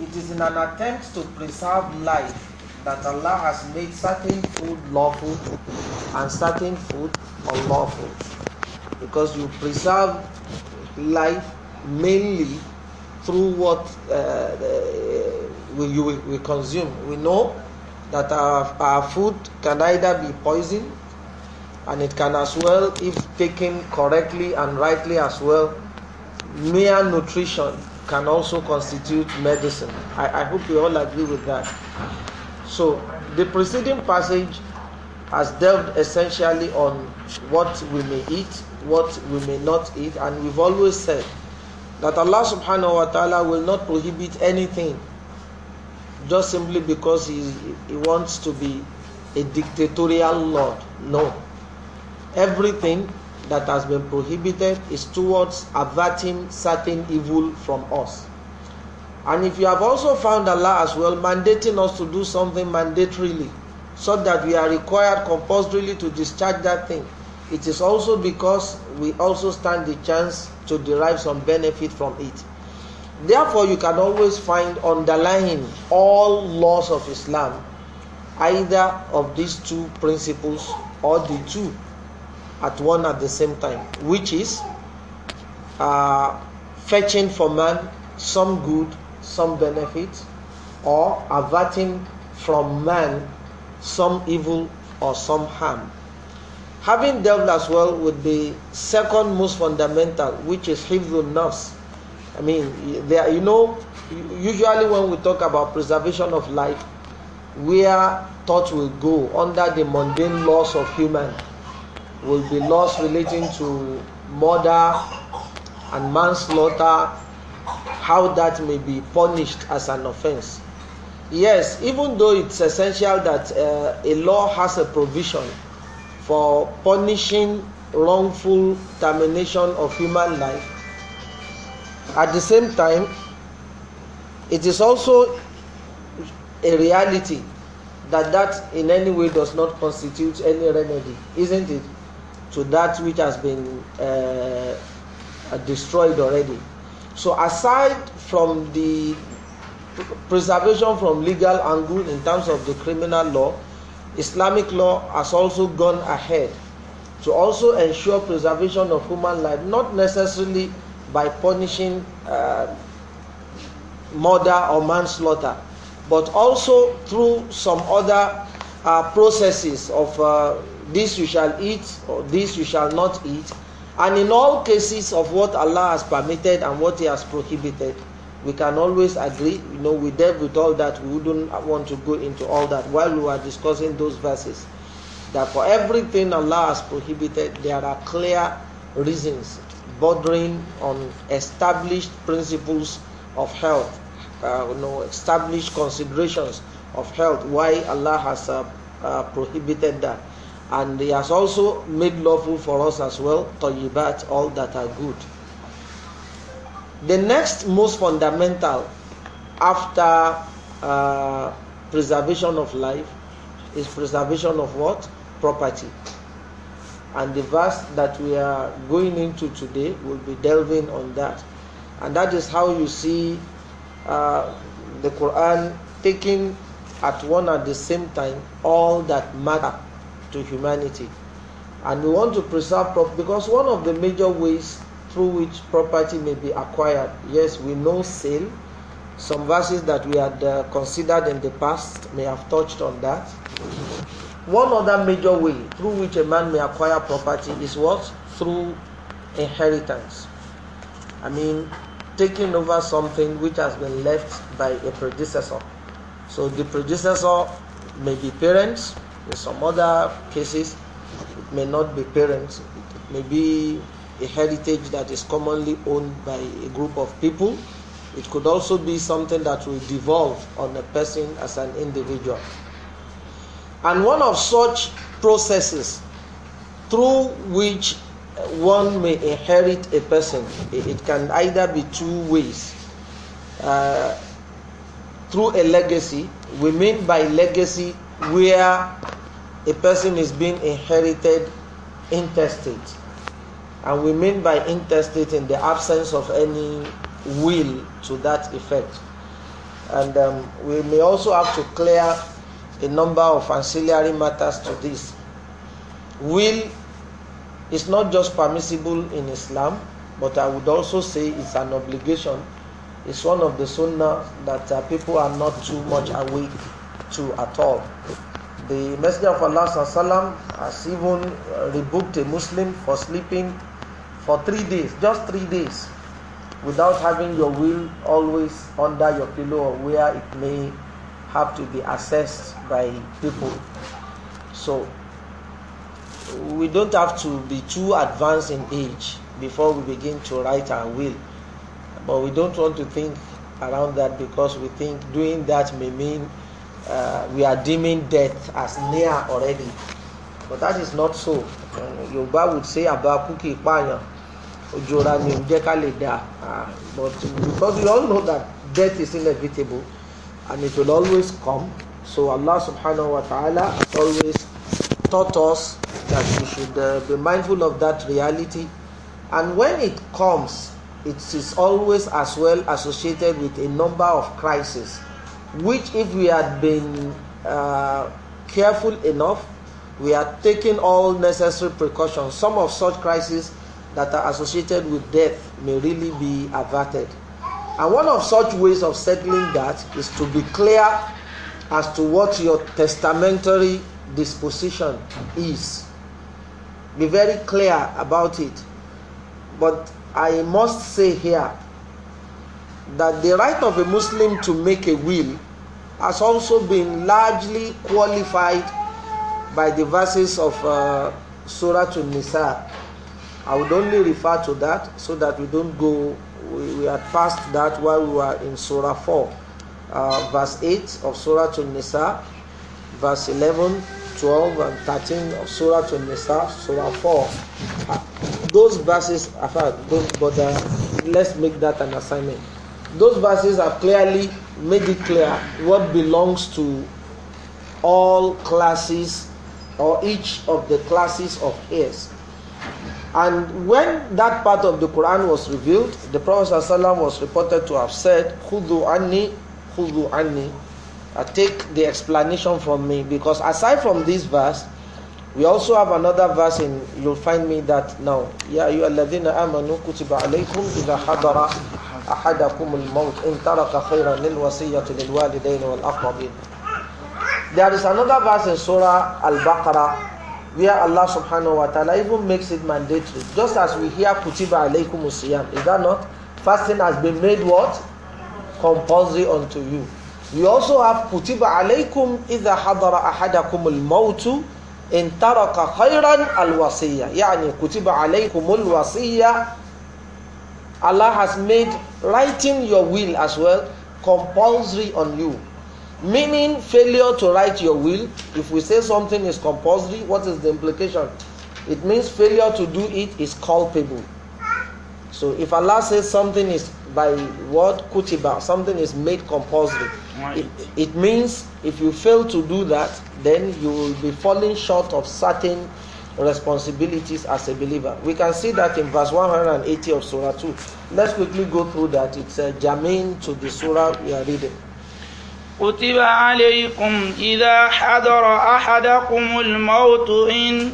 It is in an attempt to preserve life that Allah has made certain food lawful and certain food unlawful. Because you preserve life mainly through what uh, uh we, we, consume. We know that our, our food can either be poison and it can as well, if taken correctly and rightly as well, mere nutrition can also constitute medicine. I, I hope you all agree with that. So, the preceding passage has delved essentially on what we may eat, what we may not eat, and we've always said that Allah subhanahu wa ta'ala will not prohibit anything just simply because he, he wants to be a dictatorial Lord. No. Everything that has been prohibited is towards averting certain evil from us. And if you have also found Allah as well mandating us to do something mandatorily, so that we are required compulsorily to discharge that thing, it is also because we also stand the chance to derive some benefit from it. Therefore, you can always find underlying all laws of Islam either of these two principles or the two at one at the same time, which is uh, fetching for man some good, some benefit, or averting from man some evil or some harm. Having dealt as well with the second most fundamental, which is hifdun nafs. I mean, there you know, usually when we talk about preservation of life, where thought will go under the mundane laws of human will be laws relating to murder and manslaughter, how that may be punished as an offense. Yes, even though it's essential that uh, a law has a provision for punishing wrongful termination of human life, at the same time, it is also a reality that that in any way does not constitute any remedy, isn't it? to that which has been uh, uh, destroyed already. So, aside from the preservation from legal angle in terms of the criminal law, Islamic law has also gone ahead to also ensure preservation of human life, not necessarily by punishing uh, murder or manslaughter, but also through some other uh, processes of uh, this you shall eat or this you shall not eat and in all cases of what allah has permitted and what he has prohibited we can always agree you know we dealt with all that we wouldn't want to go into all that while we were discussing those verses that for everything allah has prohibited there are clear reasons bordering on established principles of health uh, you know established considerations of health why allah has uh, uh, prohibited that and he has also made lawful for us as well tayyibat all that are good the next most fundamental after uh, preservation of life is preservation of what property and the verse that we are going into today will be delving on that and that is how you see uh, the quran taking at one at the same time all that matter to humanity. And we want to preserve property because one of the major ways through which property may be acquired, yes, we know sale. Some verses that we had uh, considered in the past may have touched on that. One other major way through which a man may acquire property is what? Through inheritance. I mean, taking over something which has been left by a predecessor. So the predecessor may be parents, in some other cases, it may not be parents, it may be a heritage that is commonly owned by a group of people. It could also be something that will devolve on a person as an individual. And one of such processes through which one may inherit a person, it can either be two ways. Uh, through a legacy, we mean by legacy where a person is being inherited intestate. And we mean by intestate in the absence of any will to that effect. And um, we may also have to clear a number of ancillary matters to this. Will is not just permissible in Islam, but I would also say it's an obligation. It's one of the sunnah that uh, people are not too much awake to at all the Messenger of Allah sallam, has even uh, rebuked a Muslim for sleeping for three days, just three days, without having your will always under your pillow or where it may have to be assessed by people. So we don't have to be too advanced in age before we begin to write our will. But we don't want to think around that because we think doing that may mean uh, we are deeming death as near already. But that is not so. Your Yoruba would say about cookie payan, ojora ni da. Ah, but because we all know that death is inevitable and it will always come. So Allah subhanahu wa ta'ala always taught us that we should uh, be mindful of that reality. And when it comes, it is always as well associated with a number of crises which if we had been uh, careful enough, we had taken all necessary precautions. Some of such crises that are associated with death may really be averted. And one of such ways of settling that is to be clear as to what your testamentary disposition is. Be very clear about it. But I must say here that the right of a Muslim to make a will has also been largely qualified by the verses of uh, Surah to Nisa. I would only refer to that so that we don't go, we, we had passed that while we were in Surah 4, uh, verse 8 of Surah to Nisa, verse 11, 12, and 13 of Surah to Nisa, Surah 4. Uh, those verses, I thought, don't bother, let's make that an assignment those verses have clearly made it clear what belongs to all classes or each of the classes of heirs. And when that part of the Quran was revealed, the Prophet ﷺ was reported to have said, Khudu anni, khudu anni. I take the explanation from me because aside from this verse, we also have another verse in you'll find me that now. Ya ayyuhalladhina amanu kutiba alaykum idha hadara أحدكم الموت إن ترك خيرا للوصية للوالدين والأقربين There is another verse in Surah Al-Baqarah where Allah subhanahu wa ta'ala even makes it mandatory. Just as we hear Kutiba alaykum usiyam, is that not? Fasting has been made what? Compulsory unto you. We also have Kutiba alaykum إذا حضر أحدكم الموت إن ترك خيرا الوصية يعني كتب عليكم الوصية Allah has made writing your will as well compulsory on you. Meaning, failure to write your will, if we say something is compulsory, what is the implication? It means failure to do it is culpable. So if Allah says something is by word kutiba, something is made compulsory, it, it means if you fail to do that, then you will be falling short of certain responsibilities as a believer. We can see that in verse 180 of Surah 2. Let's quickly go through that. It's uh, a jamin to the Surah we are reading. كتب عليكم إذا حضر أحدكم الموت إن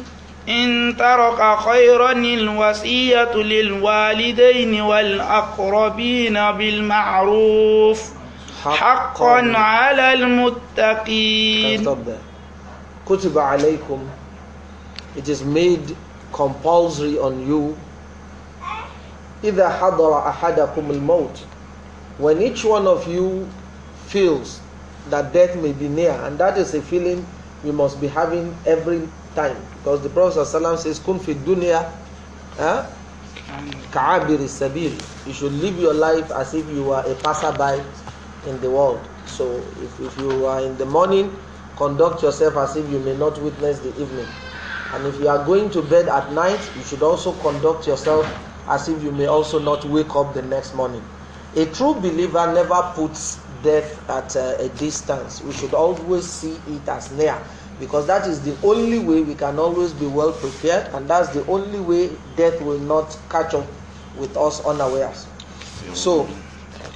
إن ترك خيرا الوصية للوالدين والأقربين بالمعروف حقا, حقا على المتقين كتب عليكم it is made compulsory on you either or حَضَرَ أَحَدَكُمُ الْمَوْتِ When each one of you feels that death may be near, and that is a feeling you must be having every time. Because the Prophet ﷺ says, كُنْ فِي الدُّنْيَا كَعَابِرِ السَّبِيلِ You should live your life as if you are a passerby in the world. So if, if you are in the morning, conduct yourself as if you may not witness the evening. And if you are going to bed at night, you should also conduct yourself as if you may also not wake up the next morning. A true believer never puts death at a, uh, a distance. We should always see it as near because that is the only way we can always be well prepared, and that's the only way death will not catch up with us unawares. So,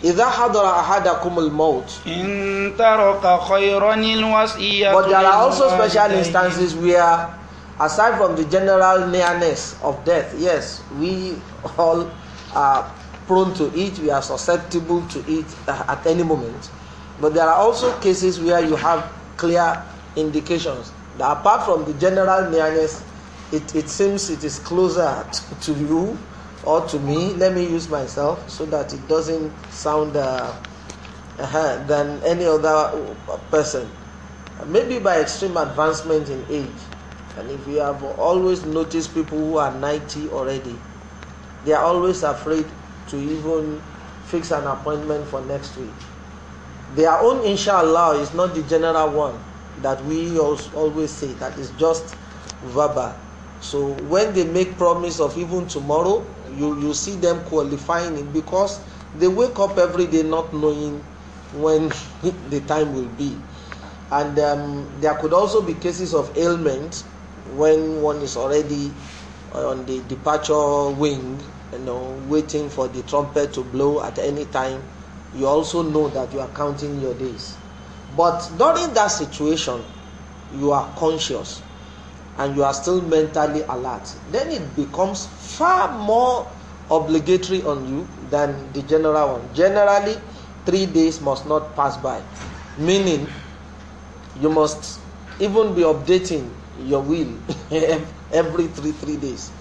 إذا حضر أحدكم الموت إن ترك خيرا الوصية But there are also special instances where aside from the general nearness of death, yes, we all are prone to it, we are susceptible to it at any moment. But there are also cases where you have clear indications that apart from the general nearness, it, it seems it is closer to, to you or to me. Let me use myself so that it doesn't sound uh, uh, than any other person. Maybe by extreme advancement in age, and if you have always noticed people who are 90 already, they are always afraid to even fix an appointment for next week. Their own inshallah is not the general one that we always say, that is just verbal. So when they make promise of even tomorrow, you, you see them qualifying it because they wake up every day not knowing when the time will be. And um, there could also be cases of ailment when one is already uh, on the departure wing, you know, waiting for the trumpet to blow at any time, you also know that you are counting your days. But during that situation, you are conscious and you are still mentally alert. Then it becomes far more obligatory on you than the general one. Generally, three days must not pass by, meaning you must even be updating your will every three three days.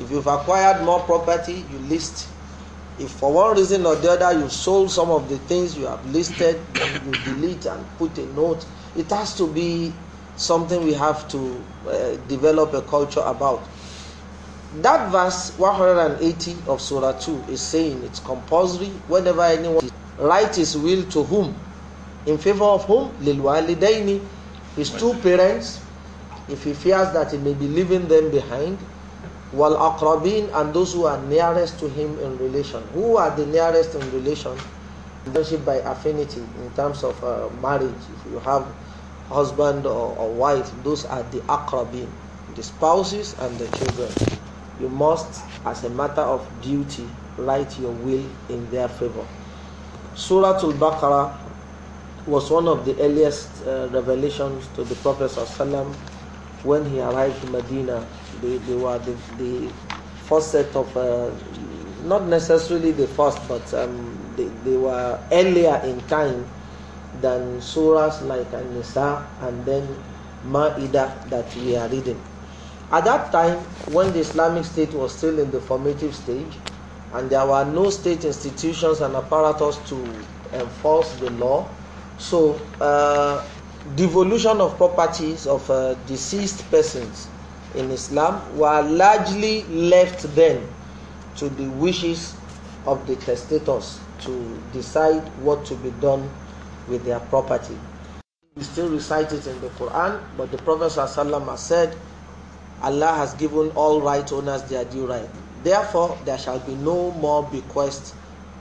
If you've acquired more property, you list. If for one reason or the other you sold some of the things you have listed, you delete and put a note. It has to be something we have to uh, develop a culture about. That verse 180 of Surah 2 is saying it's compulsory whenever anyone writes his will to whom? In favor of whom? Lilwalidaini, his two parents, if he fears that he may be leaving them behind, while aqrabin and those who are nearest to him in relation. Who are the nearest in relation? Relationship by affinity in terms of uh, marriage. If you have husband or, or wife, those are the aqrabin, the spouses and the children. You must, as a matter of duty, write your will in their favor. Surah Al-Baqarah was one of the earliest uh, revelations to the Prophet sallallahu when he arrived in Medina, they, they were the, the first set of, uh, not necessarily the first, but um, they, they were earlier in time than surahs like An-Nisa and then Ma'idah that we are reading. At that time, when the Islamic State was still in the formative stage, and there were no state institutions and apparatus to enforce the law, so uh, devolution of properties of uh, deceased persons in Islam were largely left then to the wishes of the testators to decide what to be done with their property. We still recite it in the Quran, but the Prophet ﷺ has said, Allah has given all right owners their due right. Therefore, there shall be no more bequest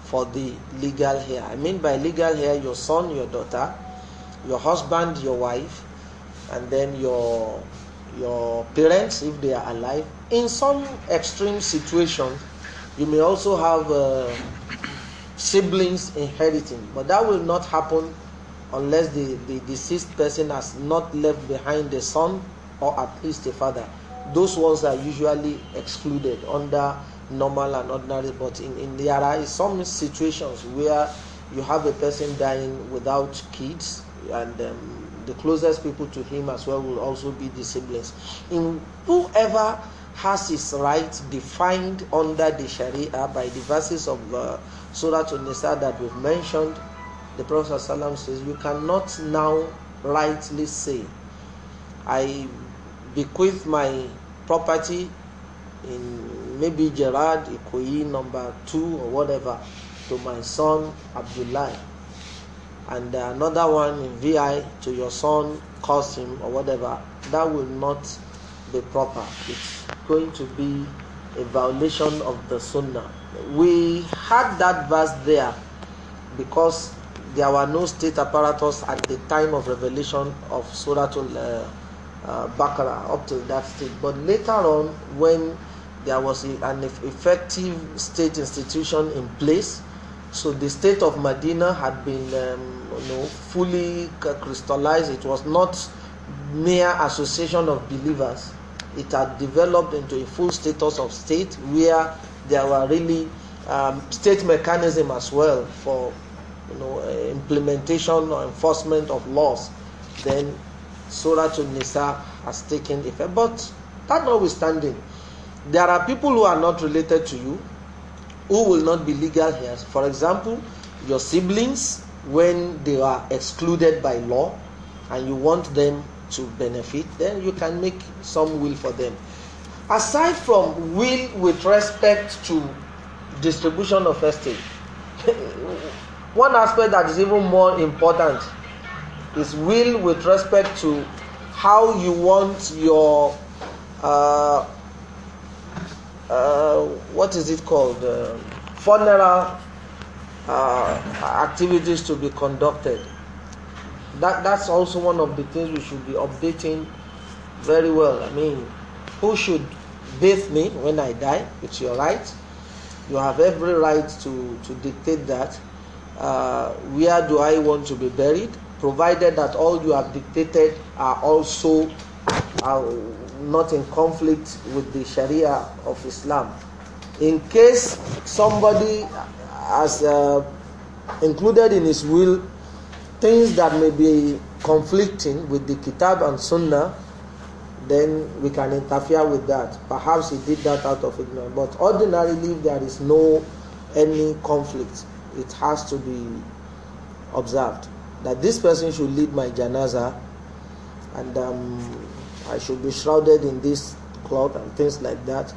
for the legal heir. I mean by legal heir, your son, your daughter, your husband, your wife, and then your your parents if they are alive. In some extreme situations, you may also have uh, siblings inheriting, but that will not happen unless the, the deceased person has not left behind a son or at least a father. Those ones are usually excluded under normal and ordinary, but in, in there are some situations where you have a person dying without kids and um, the closest people to him as well will also be the siblings. In whoever has his rights defined under the Sharia by the verses of uh, Surah An-Nisa that we've mentioned, the Prophet says, "You cannot now rightly say, I bequeath my property in maybe Gerard Ikoyi number two or whatever to my son Abdullah." and another one in VI to your son, cost him or whatever, that will not be proper. It's going to be a violation of the Sunnah. We had that verse there because there were no state apparatus at the time of revelation of Surah uh, uh, Baqarah up to that state. But later on, when there was an effective state institution in place, so the state of Medina had been um, you know, fully crystallized. It was not mere association of believers. It had developed into a full status of state where there were really um, state mechanism as well for you know, implementation or enforcement of laws. Then Surah to Nisa has taken effect. But that notwithstanding, there are people who are not related to you who will not be legal heirs. For example, your siblings, when they are excluded by law and you want them to benefit, then you can make some will for them. Aside from will with respect to distribution of estate, one aspect that is even more important is will with respect to how you want your uh, uh, what is it called uh, funeral uh, activities to be conducted. That that's also one of the things we should be updating very well. I mean, who should bathe me when I die? It's your right. You have every right to to dictate that. Uh, where do I want to be buried? Provided that all you have dictated are also are not in conflict with the Sharia of Islam. In case somebody has uh, included in his will things that may be conflicting with the Kitab and Sunnah, then we can interfere with that. Perhaps he did that out of ignorance. But ordinarily, if there is no any conflict, it has to be observed that this person should lead my janaza and um, I should be shrouded in this cloth and things like that,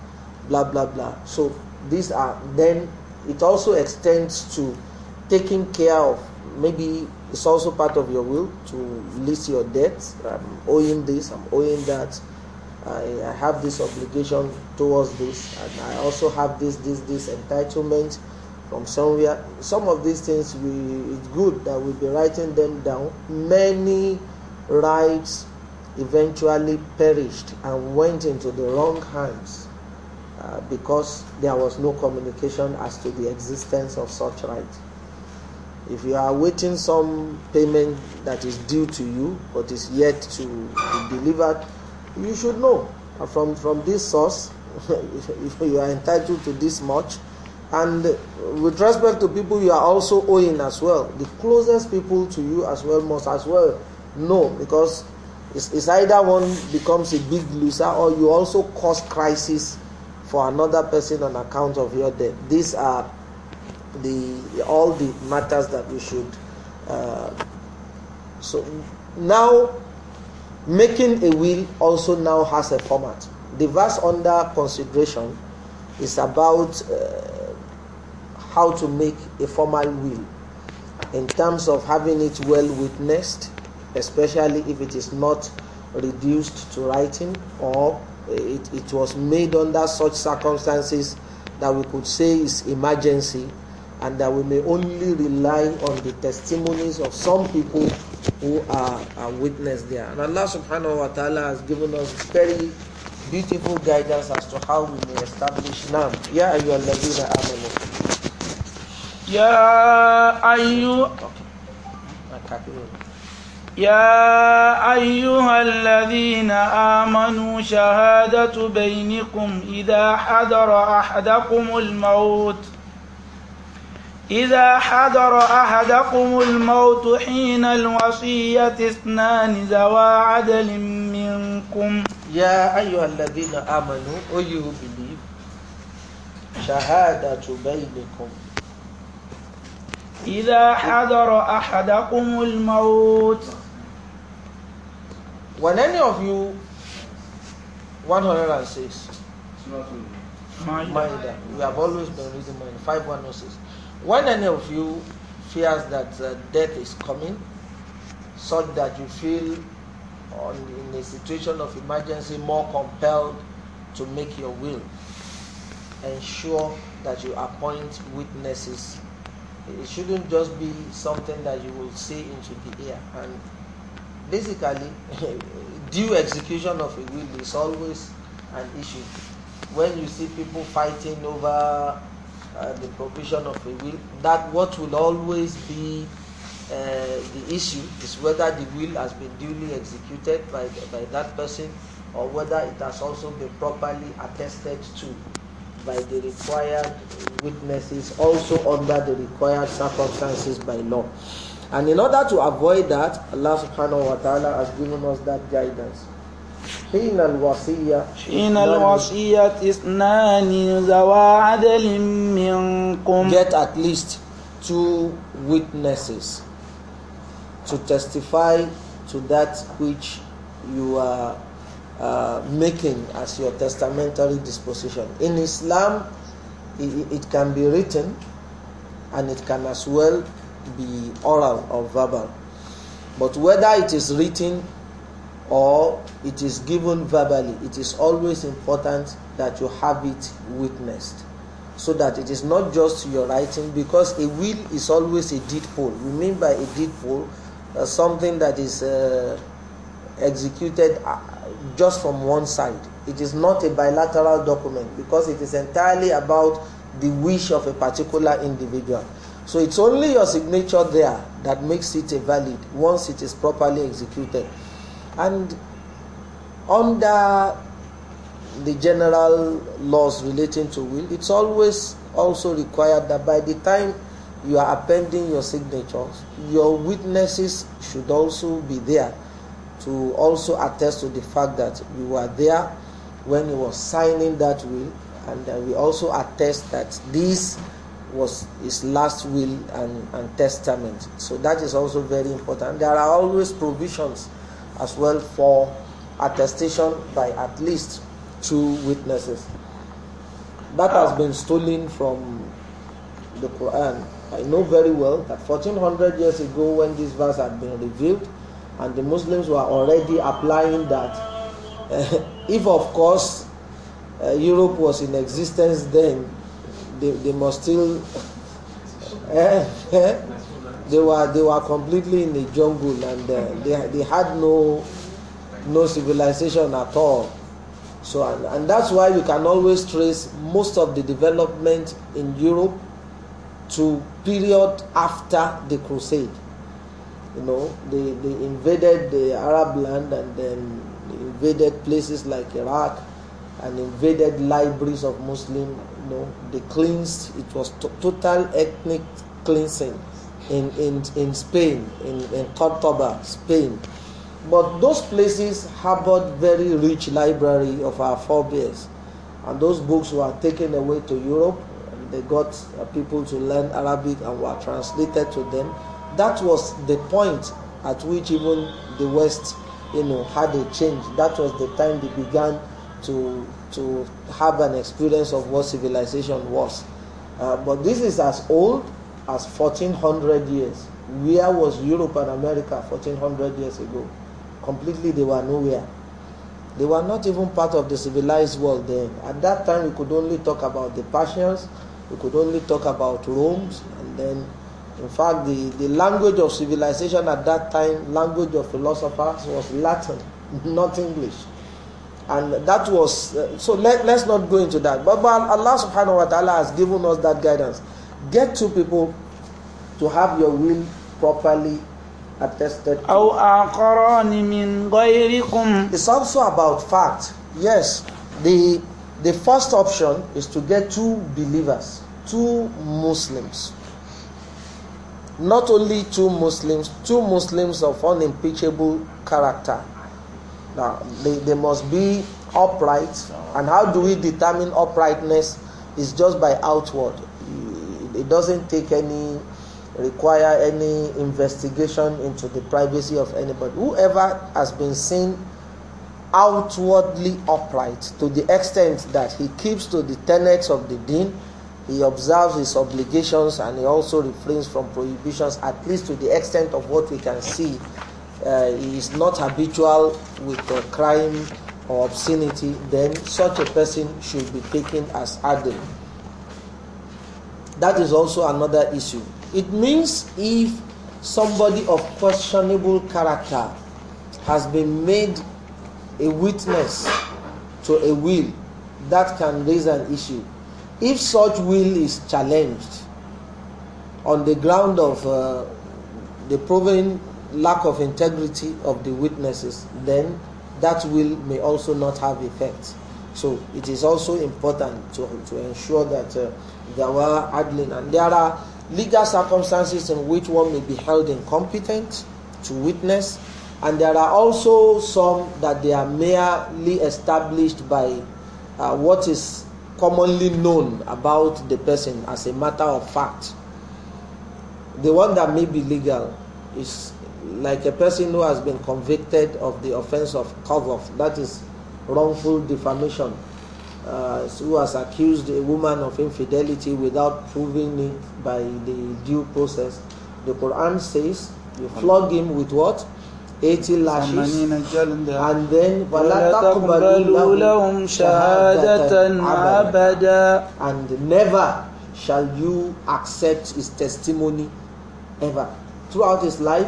blah blah blah. So these are then it also extends to taking care of maybe it's also part of your will to list your debts. I'm owing this, I'm owing that. I, I have this obligation towards this, and I also have this, this, this entitlement from somewhere. Some of these things, we, it's good that we'll be writing them down. Many rights eventually perished and went into the wrong hands uh, because there was no communication as to the existence of such right. If you are awaiting some payment that is due to you but is yet to be delivered, you should know uh, from, from this source you are entitled to this much. And with respect to people you are also owing as well, the closest people to you as well must as well know because it's, it's either one becomes a big loser or you also cause crisis for another person on account of your death. These are the all the matters that we should. Uh, so now, making a will also now has a format. The verse under consideration is about uh, how to make a formal will in terms of having it well witnessed, especially if it is not reduced to writing or it, it was made under such circumstances that we could say is emergency and that we may only rely on the testimonies of some people who are, are witness there. And Allah subhanahu wa ta'ala has given us very beautiful guidance as to how we may establish Nam. Ya ayyuha alladhina amanu. Ya ayyuha... Okay. يا أيها الذين آمنوا شهادة بينكم إذا حضر أحدكم الموت إذا حضر أحدكم الموت حين الوصية اثنان ذوى عدل منكم يا أيها الذين آمنوا أيها you شهادة بينكم إذا حضر أحدكم الموت When any of you, 106, Maida, we have always been reading Maida, 5106. When any of you fears that uh, death is coming, such that you feel on, in a situation of emergency more compelled to make your will, ensure that you appoint witnesses. It shouldn't just be something that you will say into the air and basically due execution of a will is always an issue when you see people fighting over uh, the provision of a will that what will always be uh, the issue is whether the will has been duly executed by, by that person or whether it has also been properly attested to by the required witnesses also under the required circumstances by law. And in order to avoid that, Allah subhanahu wa ta'ala has given us that guidance. حين الوصية حين الوصية اثنان ذوى عدل منكم Get at least two witnesses to testify to that which you are uh, making as your testamentary disposition. In Islam, it, it can be written and it can as well be oral or verbal. But whether it is written or it is given verbally, it is always important that you have it witnessed so that it is not just your writing because a will is always a deed poll. We mean by a deed poll uh, something that is uh, executed uh, just from one side. It is not a bilateral document because it is entirely about the wish of a particular individual. So it's only your signature there that makes it a valid once it is properly executed. And under the general laws relating to will, it's always also required that by the time you are appending your signatures, your witnesses should also be there to also attest to the fact that you were there when you were signing that will, and we also attest that this was his last will and, and testament. So that is also very important. There are always provisions as well for attestation by at least two witnesses. That has been stolen from the Quran. I know very well that 1400 years ago, when this verse had been revealed, and the Muslims were already applying that. Uh, if, of course, uh, Europe was in existence then, they, they must still eh, eh, eh, they were they were completely in the jungle and uh, they, they had no no civilization at all so and, and that's why you can always trace most of the development in europe to period after the crusade you know they, they invaded the arab land and then invaded places like iraq and invaded libraries of muslim know, they cleansed, it was total ethnic cleansing in, in, in Spain, in, in Cordoba, Spain. But those places harbored very rich library of our forebears. And those books were taken away to Europe. they got uh, people to learn Arabic and were translated to them. That was the point at which even the West, you know, had a change. That was the time they began to to have an experience of what civilization was. Uh, but this is as old as 1400 years. Where was Europe and America 1400 years ago? Completely, they were nowhere. They were not even part of the civilized world then. At that time, we could only talk about the Persians, we could only talk about Rome, and then, in fact, the, the language of civilization at that time, language of philosophers, was Latin, not English and that was uh, so let, let's not go into that but, but allah subhanahu wa ta'ala has given us that guidance get two people to have your will properly attested to. it's also about fact yes the the first option is to get two believers two muslims not only two muslims two muslims of unimpeachable character now, they, they must be upright. And how do we determine uprightness? Is just by outward. It doesn't take any require any investigation into the privacy of anybody. Whoever has been seen outwardly upright to the extent that he keeps to the tenets of the deen, he observes his obligations and he also refrains from prohibitions, at least to the extent of what we can see uh, is not habitual with uh, crime or obscenity, then such a person should be taken as adult. That is also another issue. It means if somebody of questionable character has been made a witness to a will, that can raise an issue. If such will is challenged on the ground of uh, the proven lack of integrity of the witnesses, then that will may also not have effect. So it is also important to, to ensure that uh, there were adlin and there are legal circumstances in which one may be held incompetent to witness, and there are also some that they are merely established by uh, what is commonly known about the person as a matter of fact. The one that may be legal is like a person who has been convicted of the offense of qadhaf, that is wrongful defamation, uh, who has accused a woman of infidelity without proving it by the due process. The Quran says you flog him with what? 80 lashes and then and never shall you accept his testimony ever throughout his life,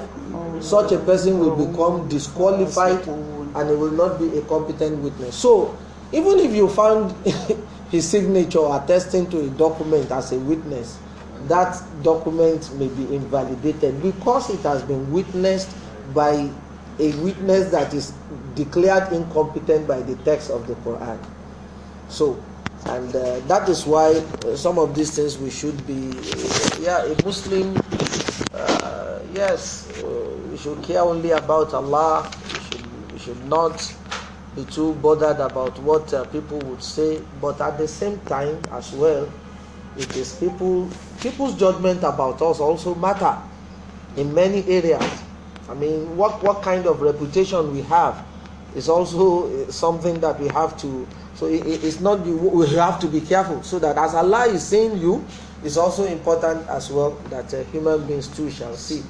such a person will become disqualified and he will not be a competent witness. So, even if you found his signature attesting to a document as a witness, that document may be invalidated because it has been witnessed by a witness that is declared incompetent by the text of the Quran. So, and uh, that is why uh, some of these things we should be, uh, yeah, a Muslim uh, yes, uh, we should care only about Allah. We should, we should not be too bothered about what uh, people would say. But at the same time, as well, it is people people's judgment about us also matter in many areas. I mean, what what kind of reputation we have is also uh, something that we have to. So it, it's not we have to be careful so that as Allah is seeing you it's also important as well that uh, human beings too shall see.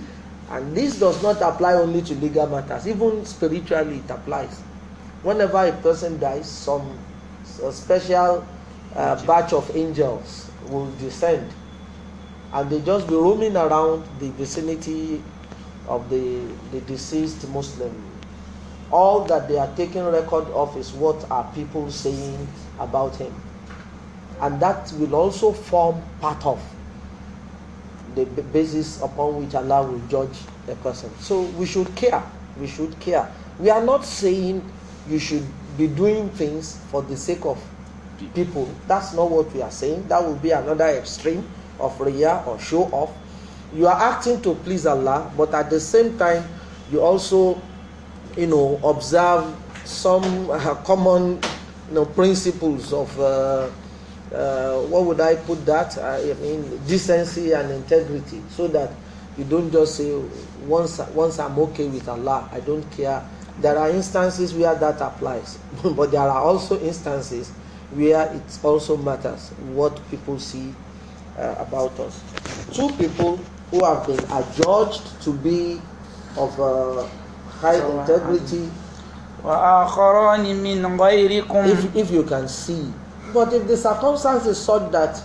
And this does not apply only to legal matters, even spiritually, it applies. Whenever a person dies, some special uh, batch of angels will descend and they just be roaming around the vicinity of the, the deceased Muslim. All that they are taking record of is what are people saying about him and that will also form part of the basis upon which Allah will judge a person. So we should care. We should care. We are not saying you should be doing things for the sake of people. That's not what we are saying. That would be another extreme of riyah or show off. You are acting to please Allah, but at the same time, you also, you know, observe some uh, common you know, principles of. Uh, uh, what would I put that? Uh, I mean, decency and integrity, so that you don't just say, once, once I'm okay with Allah, I don't care. There are instances where that applies, but there are also instances where it also matters what people see uh, about us. Two people who have been adjudged to be of uh, high integrity. if, if you can see but if the circumstance is such that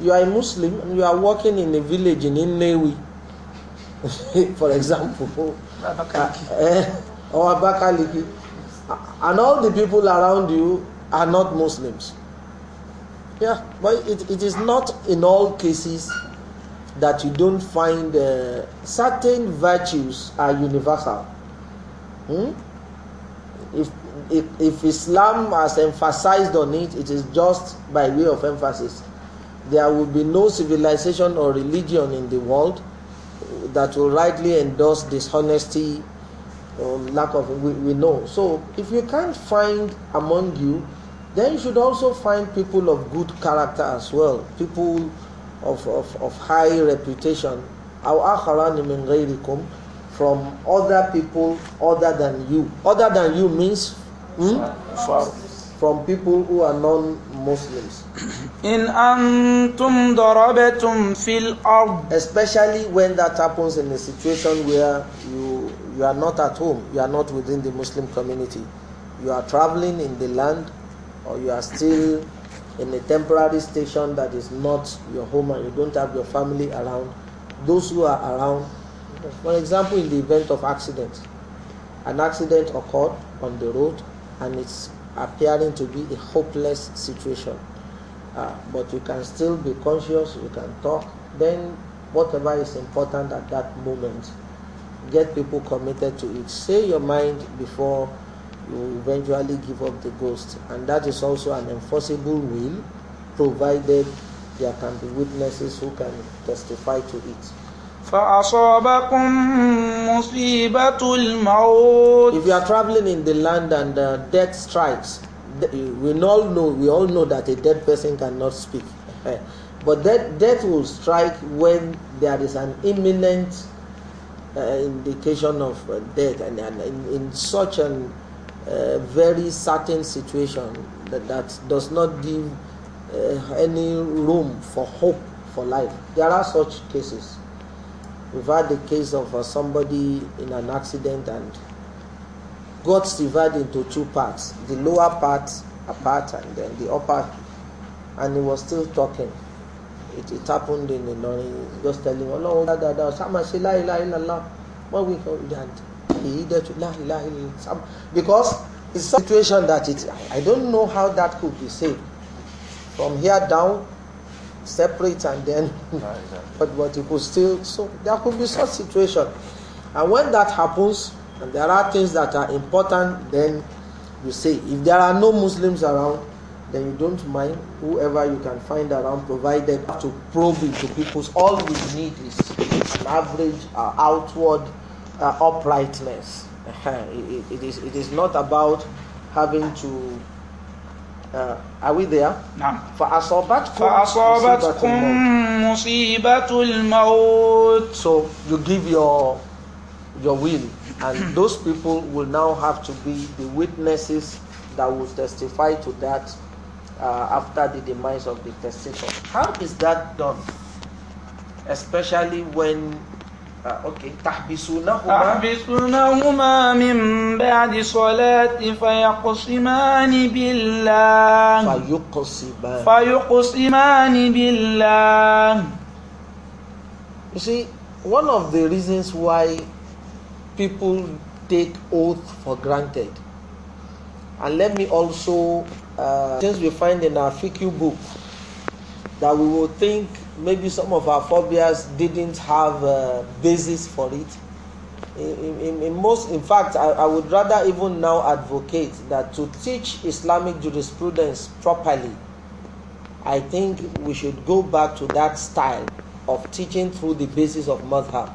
you are a Muslim and you are working in a village in Inewi, for example, uh, eh, or Abakaliki, and all the people around you are not Muslims. Yeah, but it, it is not in all cases that you don't find uh, certain virtues are universal. Hmm? If if, if Islam has emphasized on it, it is just by way of emphasis. There will be no civilization or religion in the world that will rightly endorse dishonesty or lack of we, we know. So if you can't find among you, then you should also find people of good character as well, people of, of, of high reputation. From other people other than you. Other than you means hmm? from people who are non-Muslims. In antum darabatum fil ard. Especially when that happens in a situation where you you are not at home, you are not within the Muslim community, you are traveling in the land, or you are still in a temporary station that is not your home and you don't have your family around. Those who are around, for example, in the event of accident, an accident occurred on the road and it's appearing to be a hopeless situation. Uh, but you can still be conscious, you can talk, then whatever is important at that moment, get people committed to it. Say your mind before you eventually give up the ghost, and that is also an enforceable will provided there can be witnesses who can testify to it. If you are traveling in the land and uh, death strikes, we all know we all know that a dead person cannot speak. Eh, but that death will strike when there is an imminent uh, indication of uh, death and, and in, in, such a uh, eh, very certain situation that, that does not give any room for hope for life. There are such cases. We've had the case of uh, somebody in an accident and got divided into two parts the lower part apart and then the upper, and he was still talking. It, it happened in the morning, just telling, him, oh, Allah, Allah, Allah, Allah, Allah, Allah, what we call that. He either to la ilaha illallah because it's a situation that it I don't know how that could be said. From here down, separate and then ah, but but you could still so there could be such situation and when that happens and there are things that are important then you say if there are no muslims around then you don't mind whoever you can find around provided to probe it to people's all we need is an average uh, outward uh, uprightness it, it, it, is, it is not about having to uh, are we there? نعم فأصابتكم فأصابتكم مصيبة الموت So you give your your will and those people will now have to be the witnesses that will testify to that uh, after the demise of the testator. How is that done? Especially when اوكي تحبسونهما تحبسونهما من بعد صلاة فيقسمان بالله فيقسمان فيقسمان بالله You see, one of the reasons why people take oath for granted. And let me also, uh, since we find in our fiqh book, that we will think maybe some of our phobias didn't have a basis for it. In, in, in most, in fact, I, I, would rather even now advocate that to teach Islamic jurisprudence properly, I think we should go back to that style of teaching through the basis of madhab.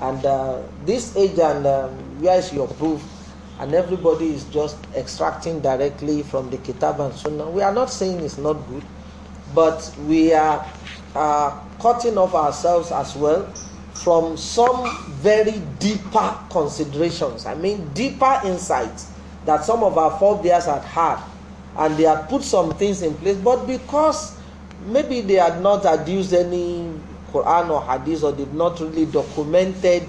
And uh, this age and um, where is your proof? And everybody is just extracting directly from the Kitab and Sunnah. We are not saying it's not good but we are uh, cutting off ourselves as well from some very deeper considerations. I mean, deeper insights that some of our forebears had had, and they had put some things in place, but because maybe they had not adduced any Quran or Hadith or did not really documented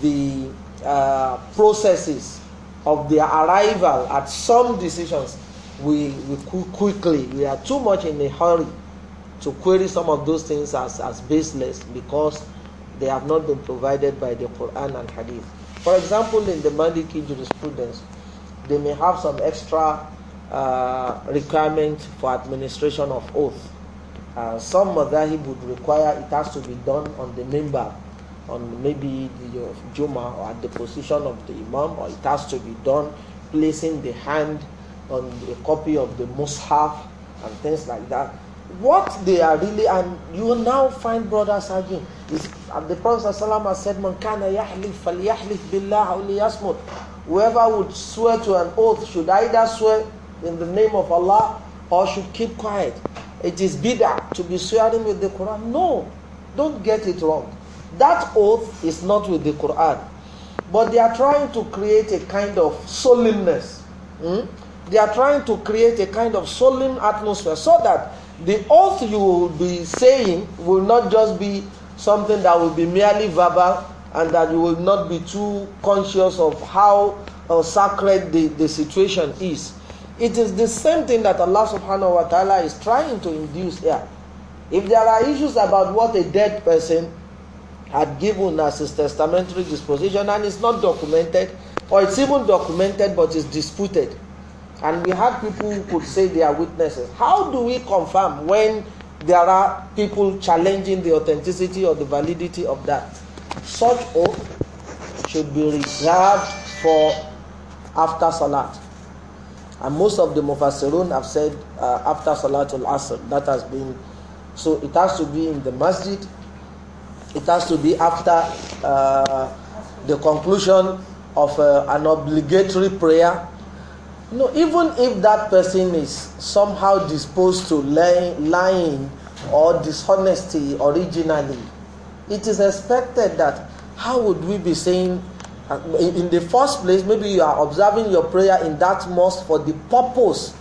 the uh, processes of their arrival at some decisions, we, we quickly, we are too much in a hurry to query some of those things as, as baseless because they have not been provided by the Quran and Hadith. For example, in the Maliki jurisprudence, they may have some extra uh, requirement for administration of oath. Uh, some he would require it has to be done on the member, on maybe the uh, Juma or at the position of the Imam, or it has to be done placing the hand on a copy of the Mus'haf and things like that. What they are really, and you will now find brothers arguing. Is, and the Prophet ﷺ has said, Man kana yahlif fal yahlif billah Yasmut." Whoever would swear to an oath should either swear in the name of Allah or should keep quiet. It is bid'ah to be swearing with the Quran. No, don't get it wrong. That oath is not with the Quran. But they are trying to create a kind of solemnness. Hmm? They are trying to create a kind of solemn atmosphere so that the oath you will be saying will not just be something that will be merely verbal and that you will not be too conscious of how uh, sacred the, the situation is. It is the same thing that Allah subhanahu wa ta'ala is trying to induce here. If there are issues about what a dead person had given as his testamentary disposition and it's not documented, or it's even documented but it's disputed, and we had people who could say they are witnesses. How do we confirm when there are people challenging the authenticity or the validity of that? Such oath should be reserved for after Salat. And most of the Mufassirun have said uh, after al Asr. That has been, so it has to be in the masjid. It has to be after uh, the conclusion of uh, an obligatory prayer you know, even if that person is somehow disposed to lying or dishonesty originally, it is expected that how would we be saying uh, in the first place maybe you are observing your prayer in that mosque for the purpose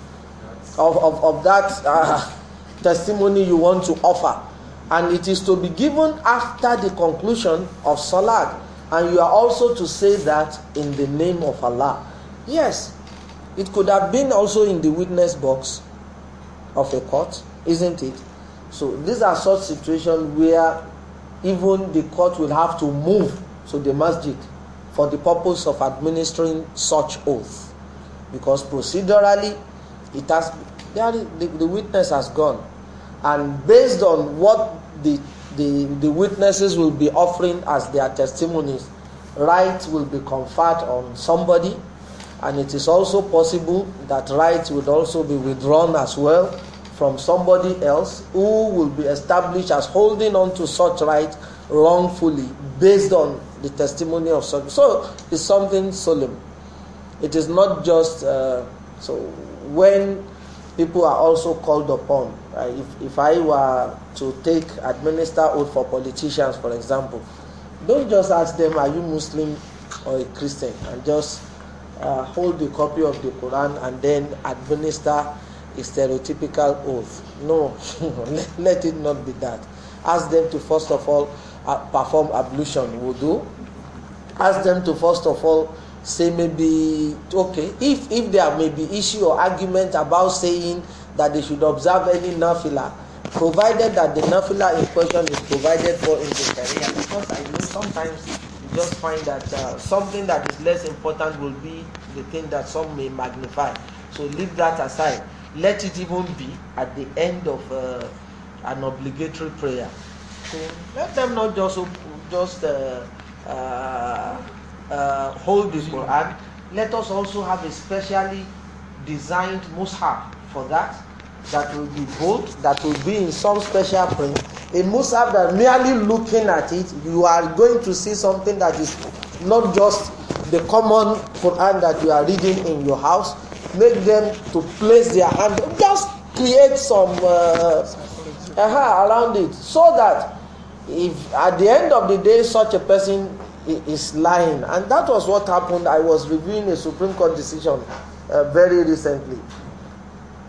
of, of, of that uh, testimony you want to offer and it is to be given after the conclusion of salat and you are also to say that in the name of allah yes it could have been also in the witness box of a court, isn't it? So these are such situations where even the court will have to move to the masjid for the purpose of administering such oath. Because procedurally, it has the, the witness has gone. And based on what the, the, the witnesses will be offering as their testimonies, rights will be conferred on somebody and it is also possible that rights would also be withdrawn as well from somebody else who will be established as holding on to such right wrongfully based on the testimony of such. So it's something solemn. It is not just uh, so when people are also called upon. if, if I were to take administer oath for politicians, for example, don't just ask them, are you Muslim or a Christian? And just uh, hold the copy of the Quran and then administer a stereotypical oath. No, let it not be that. Ask them to first of all uh, perform ablution, wudu. Ask them to first of all say maybe okay if if there may be issue or argument about saying that they should observe any nafila provided that the nafila in question is provided for in the sharia because i know sometimes just find that uh, something that is less important will be the thing that some may magnify. So leave that aside. Let it even be at the end of uh, an obligatory prayer. So let them not just just uh, uh, uh, hold this Quran. Let us also have a specially designed mushaf for that that will be bold, that will be in some special print. must have that merely looking at it, you are going to see something that is not just the common Quran that you are reading in your house. Make them to place their hand, just create some uh, uh-huh, around it, so that if at the end of the day such a person is lying, and that was what happened. I was reviewing a Supreme Court decision uh, very recently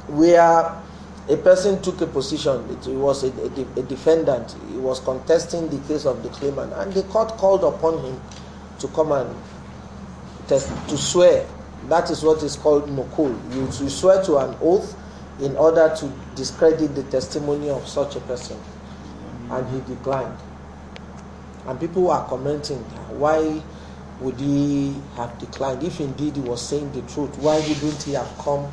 where a person took a position, it was a, a, a, defendant, he was contesting the case of the claimant, and the court called upon him to come and test, to swear. That is what is called nukul. You, you swear to an oath in order to discredit the testimony of such a person. And he declined. And people were commenting, why would he have declined? If indeed he was saying the truth, why wouldn't he have come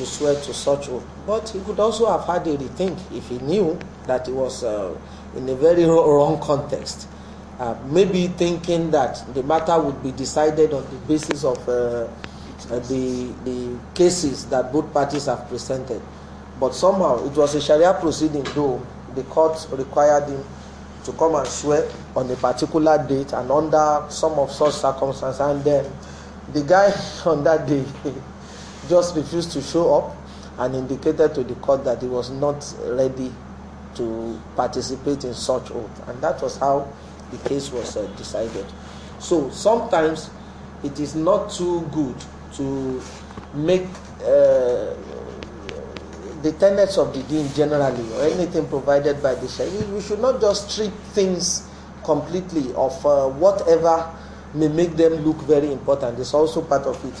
to swear to such oath. But he could also have had a rethink if he knew that he was uh, in a very wrong context. Uh, maybe thinking that the matter would be decided on the basis of uh, uh, the, the cases that both parties have presented. But somehow it was a Sharia proceeding, though the court required him to come and swear on a particular date and under some of such circumstances. And then the guy on that day just refused to show up and indicated to the court that he was not ready to participate in such oath. And that was how the case was uh, decided. So sometimes it is not too good to make uh, the tenets of the deen generally or anything provided by the Sharia. We should not just treat things completely of uh, whatever may make them look very important. It's also part of it.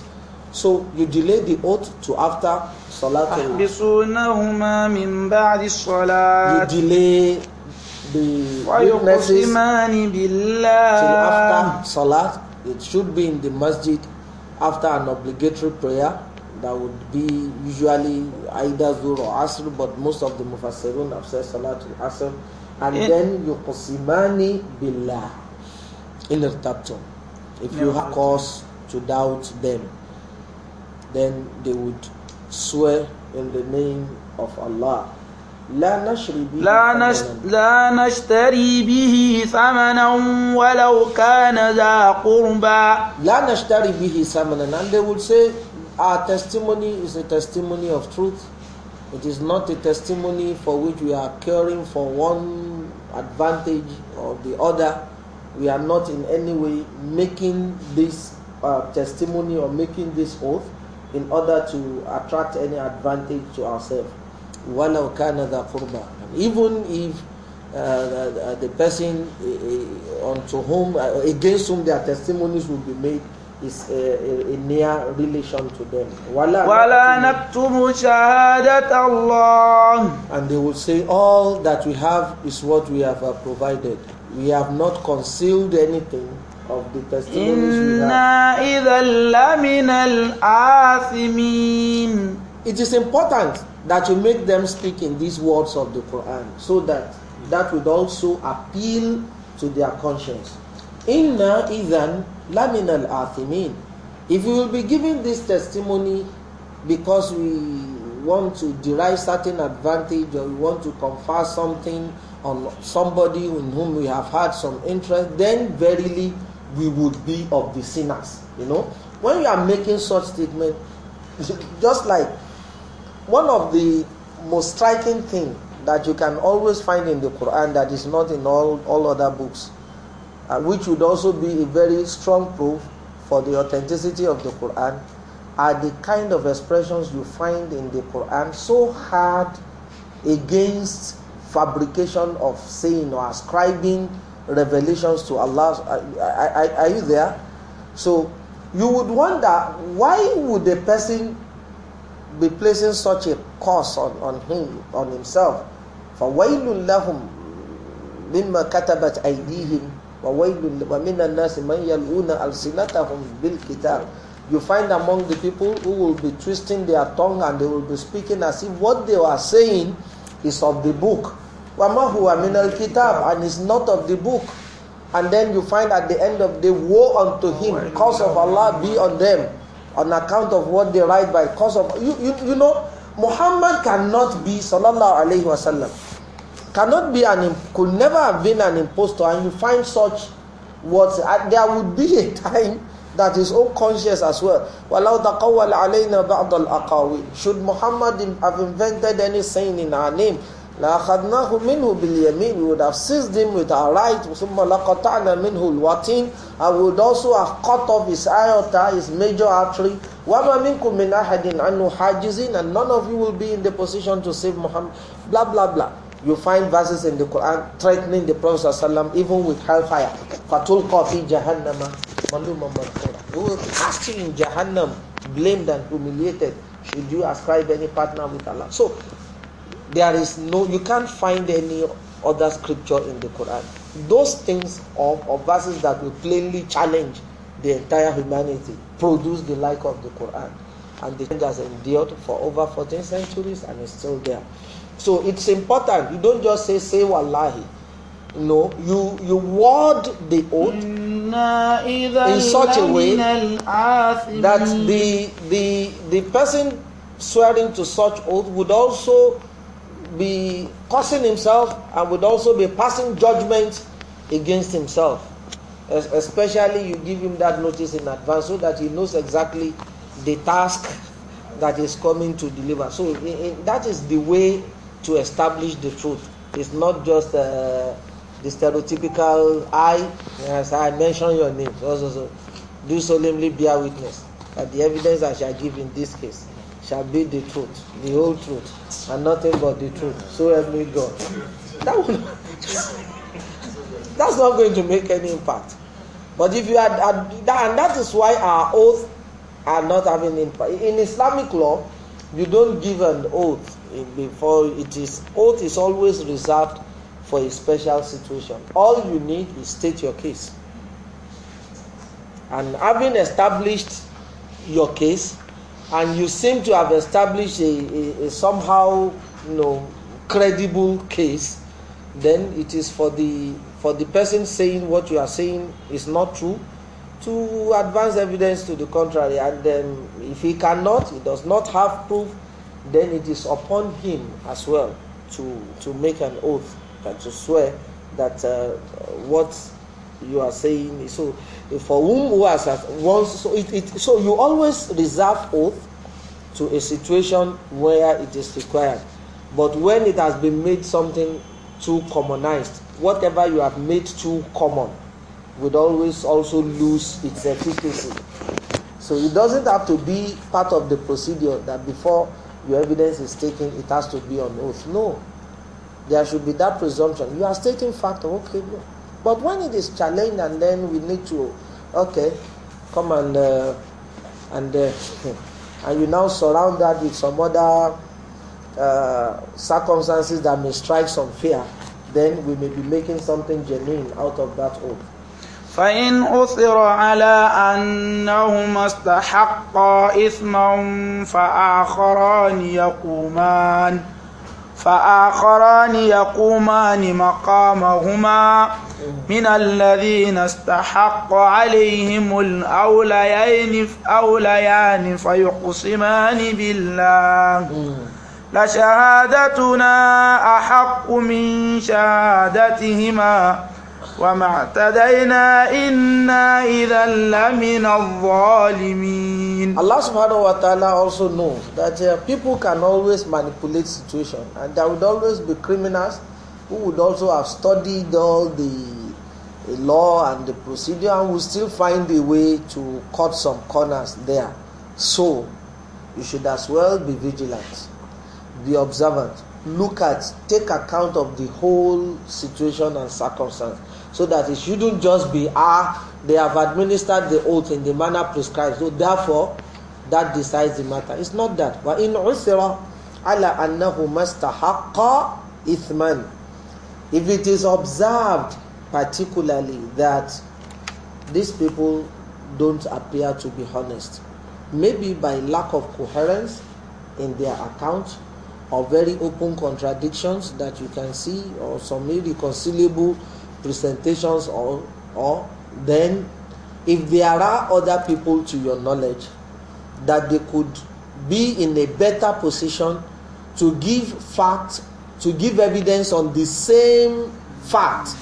So you delay the oath to after Salat تحبسونهما You delay the witnesses till after Salat It should be in the masjid after an obligatory prayer that would be usually either Zul or Asr but most of the Mufassirun have said Salatul Asr and it, eh. then yuqsimani billah in irtabtum if you have cause to doubt them then they would swear in the name of Allah لا نشري به لا, نش... لا نشتري به ثمنا ولو كان ذا قربا لا نشتري به ثمنا and they would say our testimony is a testimony of truth it is not a testimony for which we are caring for one advantage or the other we are not in any way making this uh, testimony or making this oath in order to attract any advantage to ourselves. وَلَوْ كَانَ ذَا قُرْبَى Even if uh, the, the, person unto eh, eh, whom, uh, against whom their testimonies will be made, is a, a, a, near relation to them. And they will say, All that we have is what we have uh, provided. We have not concealed anything of the testimonies we have. It is important that you make them speak in these words of the Quran so that that would also appeal to their conscience. Inna idhan laminal athimin. If we will be giving this testimony because we want to derive certain advantage or we want to confer something on somebody in whom we have had some interest, then verily we would be of the sinners. You know, when you are making such statement, just like one of the most striking thing that you can always find in the Quran that is not in all, all other books, uh, which would also be a very strong proof for the authenticity of the Quran, are the kind of expressions you find in the Quran so hard against fabrication of saying or ascribing revelations to Allah. Are, are, are you there? So you would wonder why would a person be placing such a curse on, on him on himself? فَوَيْلٌ لَهُمْ مِمَّا كَتَبَتْ أَيْدِيهِمْ وَوَيْلٌ وَمِنَ النَّاسِ مَنْ يَلْغُونَ أَلْسِنَتَهُمْ بِالْكِتَابِ You find among the people who will be twisting their tongue and they will be speaking as if what they are saying is of the book وَمَا هُوَ مِنَ Kitab And is not of the book. And then you find at the end of the woe unto him, oh cause of Allah be on them, on account of what they write by cause of you you, you know, Muhammad cannot be sallallahu alaihi wasallam, cannot be an could never have been an impostor, and you find such words. Uh, there would be a time that is all conscious as well. وَلَوْ تَقَوَّلَ عَلَيْنَا بَعْضَ الْأَقَاوِيلِ Should Muhammad have invented any saying in our name, لَأَخَذْنَاهُ مِنْهُ بِالْيَمِينِ We would have seized him with our right. ثُمَّ لَقَطَعْنَا مِنْهُ الْوَتِينَ And we would also have cut off his aorta, his major artery. وَمَا مِنْكُمْ مِنْ أَحَدٍ عَنْهُ حَاجِزِينَ And none of you will be in the position to save Muhammad. Blah, blah, blah. You find verses in the Quran threatening the Prophet ﷺ even with hellfire. فَتُلْقَى فِي جَهَنَّمَ مَلُومًا مَذْكُورًا You will be in Jahannam, blamed and humiliated should you ascribe any partner with Allah. So there is no, you can't find any other scripture in the Quran. Those things or, or verses that will plainly challenge the entire humanity produce the like of the Quran. And the thing has endured for over 14 centuries and is still there. So it's important. You don't just say, say wallahi. No, you, you word the oath in such a way that the, the, the person swearing to such oath would also be cursing himself and would also be passing judgment against himself. Especially you give him that notice in advance so that he knows exactly the task that is coming to deliver. So that is the way to establish the truth. It's not just uh, the stereotypical I, as I mention your name. Also, so. Do solemnly bear witness that the evidence I shall give in this case shall be the truth, the whole truth, and nothing but the truth. So help me God. That will, that's not going to make any impact. But if you had, and that is why our oaths are not having impact. In Islamic law, you don't give an oath before it is oath is always reserved for a special situation. All you need is state your case. And having established your case, and you seem to have established a, a, a somehow you know credible case then it is for the for the person saying what you are saying is not true to advance evidence to the contrary and then, if he cannot he does not have proof then it is upon him as well to to make an oath and to swear that uh, what you are saying so for whom was once so it, it so you always reserve oath to a situation where it is required but when it has been made something too commonized whatever you have made too common would always also lose its efficacy so it doesn't have to be part of the procedure that before your evidence is taken it has to be on oath no there should be that presumption you are stating fact okay no but when it is challenged and then we need to, okay, come and uh, and uh, and you now surround that with some other uh, circumstances that may strike some fear, then we may be making something genuine out of that hope. فإن أثر على أنهما استحقا إثما فآخران يقومان فآخران يقومان مقامهما من الذين استحق عليهم الأوليان أوليان فيقسمان بالله لشهادتنا أحق من شهادتهما وما اعتدينا إنا إذا لمن الظالمين Allah subhanahu wa ta'ala also knows that uh, people can always manipulate situation and there would always be criminals who would also have studied all the, the law and the procedure and will still find a way to cut some corners there. So you should as well be vigilant, be observant, look at, take account of the whole situation and circumstance so that it shouldn't just be ah they have administered the oath in the manner prescribed so therefore that decides the matter it's not that but in usra ala annahu mastahaqqa ithman if it is observed particularly that these people don't appear to be honest maybe by lack of coherence in their account or very open contradictions that you can see or some irreconcilable presentations or or then if there are other people to your knowledge that they could be in a better position to give fact to give evidence on the same fact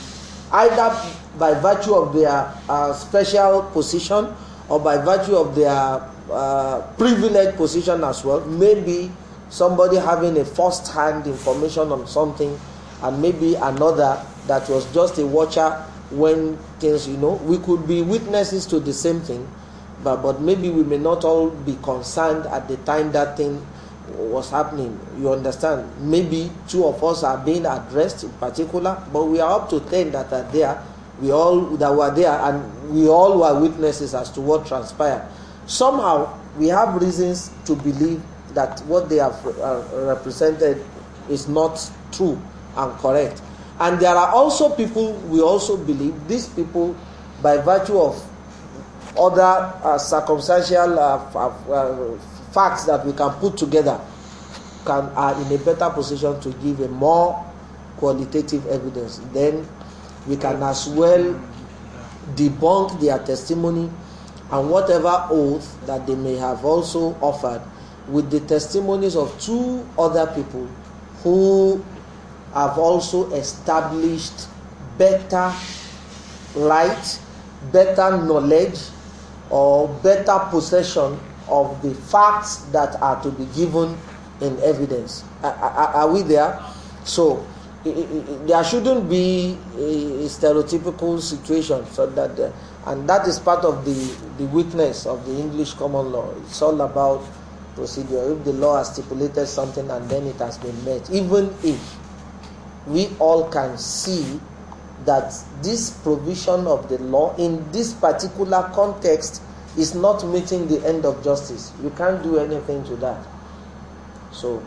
either by virtue of their uh, special position or by virtue of their uh, privileged position as well maybe somebody having a first hand information on something and maybe another that was just a watcher when things, you know, we could be witnesses to the same thing, but, but maybe we may not all be concerned at the time that thing was happening. You understand? Maybe two of us are being addressed in particular, but we are up to 10 that are there. We all that were there, and we all were witnesses as to what transpired. Somehow, we have reasons to believe that what they have uh, represented is not true and correct. And there are also people we also believe, these people, by virtue of other uh, circumstantial uh, uh, uh, facts that we can put together, can are in a better position to give a more qualitative evidence. Then we can as well debunk their testimony and whatever oath that they may have also offered with the testimonies of two other people who have also established better light, better knowledge, or better possession of the facts that are to be given in evidence. Are, are, are we there? So, there shouldn't be a, a stereotypical situation so that the, uh, and that is part of the, the weakness of the english common law it's all about procedure if the law has stipulated something and then it has been met even if we all can see that this provision of the law in this particular context is not meeting the end of justice. You can't do anything to that. So,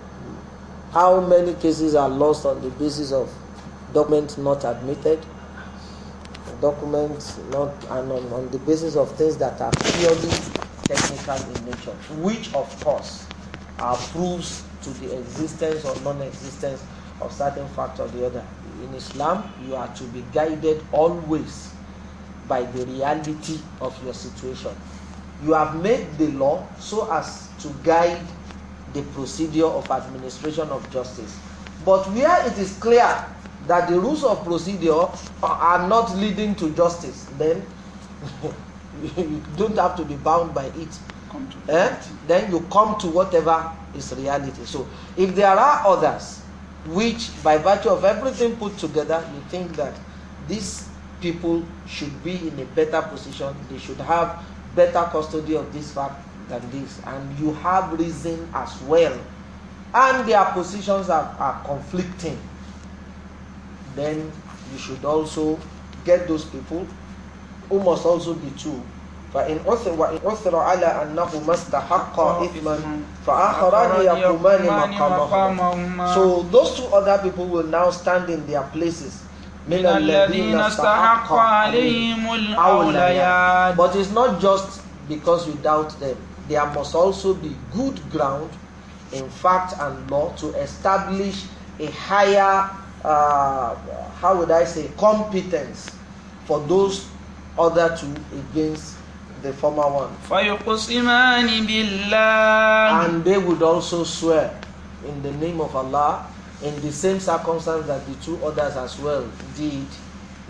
how many cases are lost on the basis of documents not admitted? Documents not and on, on the basis of things that are purely technical in nature, which of course are proofs to the existence or non-existence of certain fact or the other. In Islam, you are to be guided always by the reality of your situation. You have made the law so as to guide the procedure of administration of justice. But where it is clear that the rules of procedure are not leading to justice, then you don't have to be bound by it. Eh? Then you come to whatever is reality. So if there are others which by virtue of everything put together, you think that these people should be in a better position, they should have better custody of this fact than this, and you have reason as well, and their positions are, are conflicting, then you should also get those people who must also be true. فإن عثر وإن عثر على أنه ما استحق إثما فآخران يقومان مقامهما So those two other people will now stand in their places من الذين استحق عليهم الأوليان But it's not just because you doubt them There must also be good ground in fact and law to establish a higher uh, how would I say competence for those other two against the former one. فَيُقْسِمَانِ بِاللَّهِ And they would also swear in the name of Allah in the same circumstance that the two others as well did.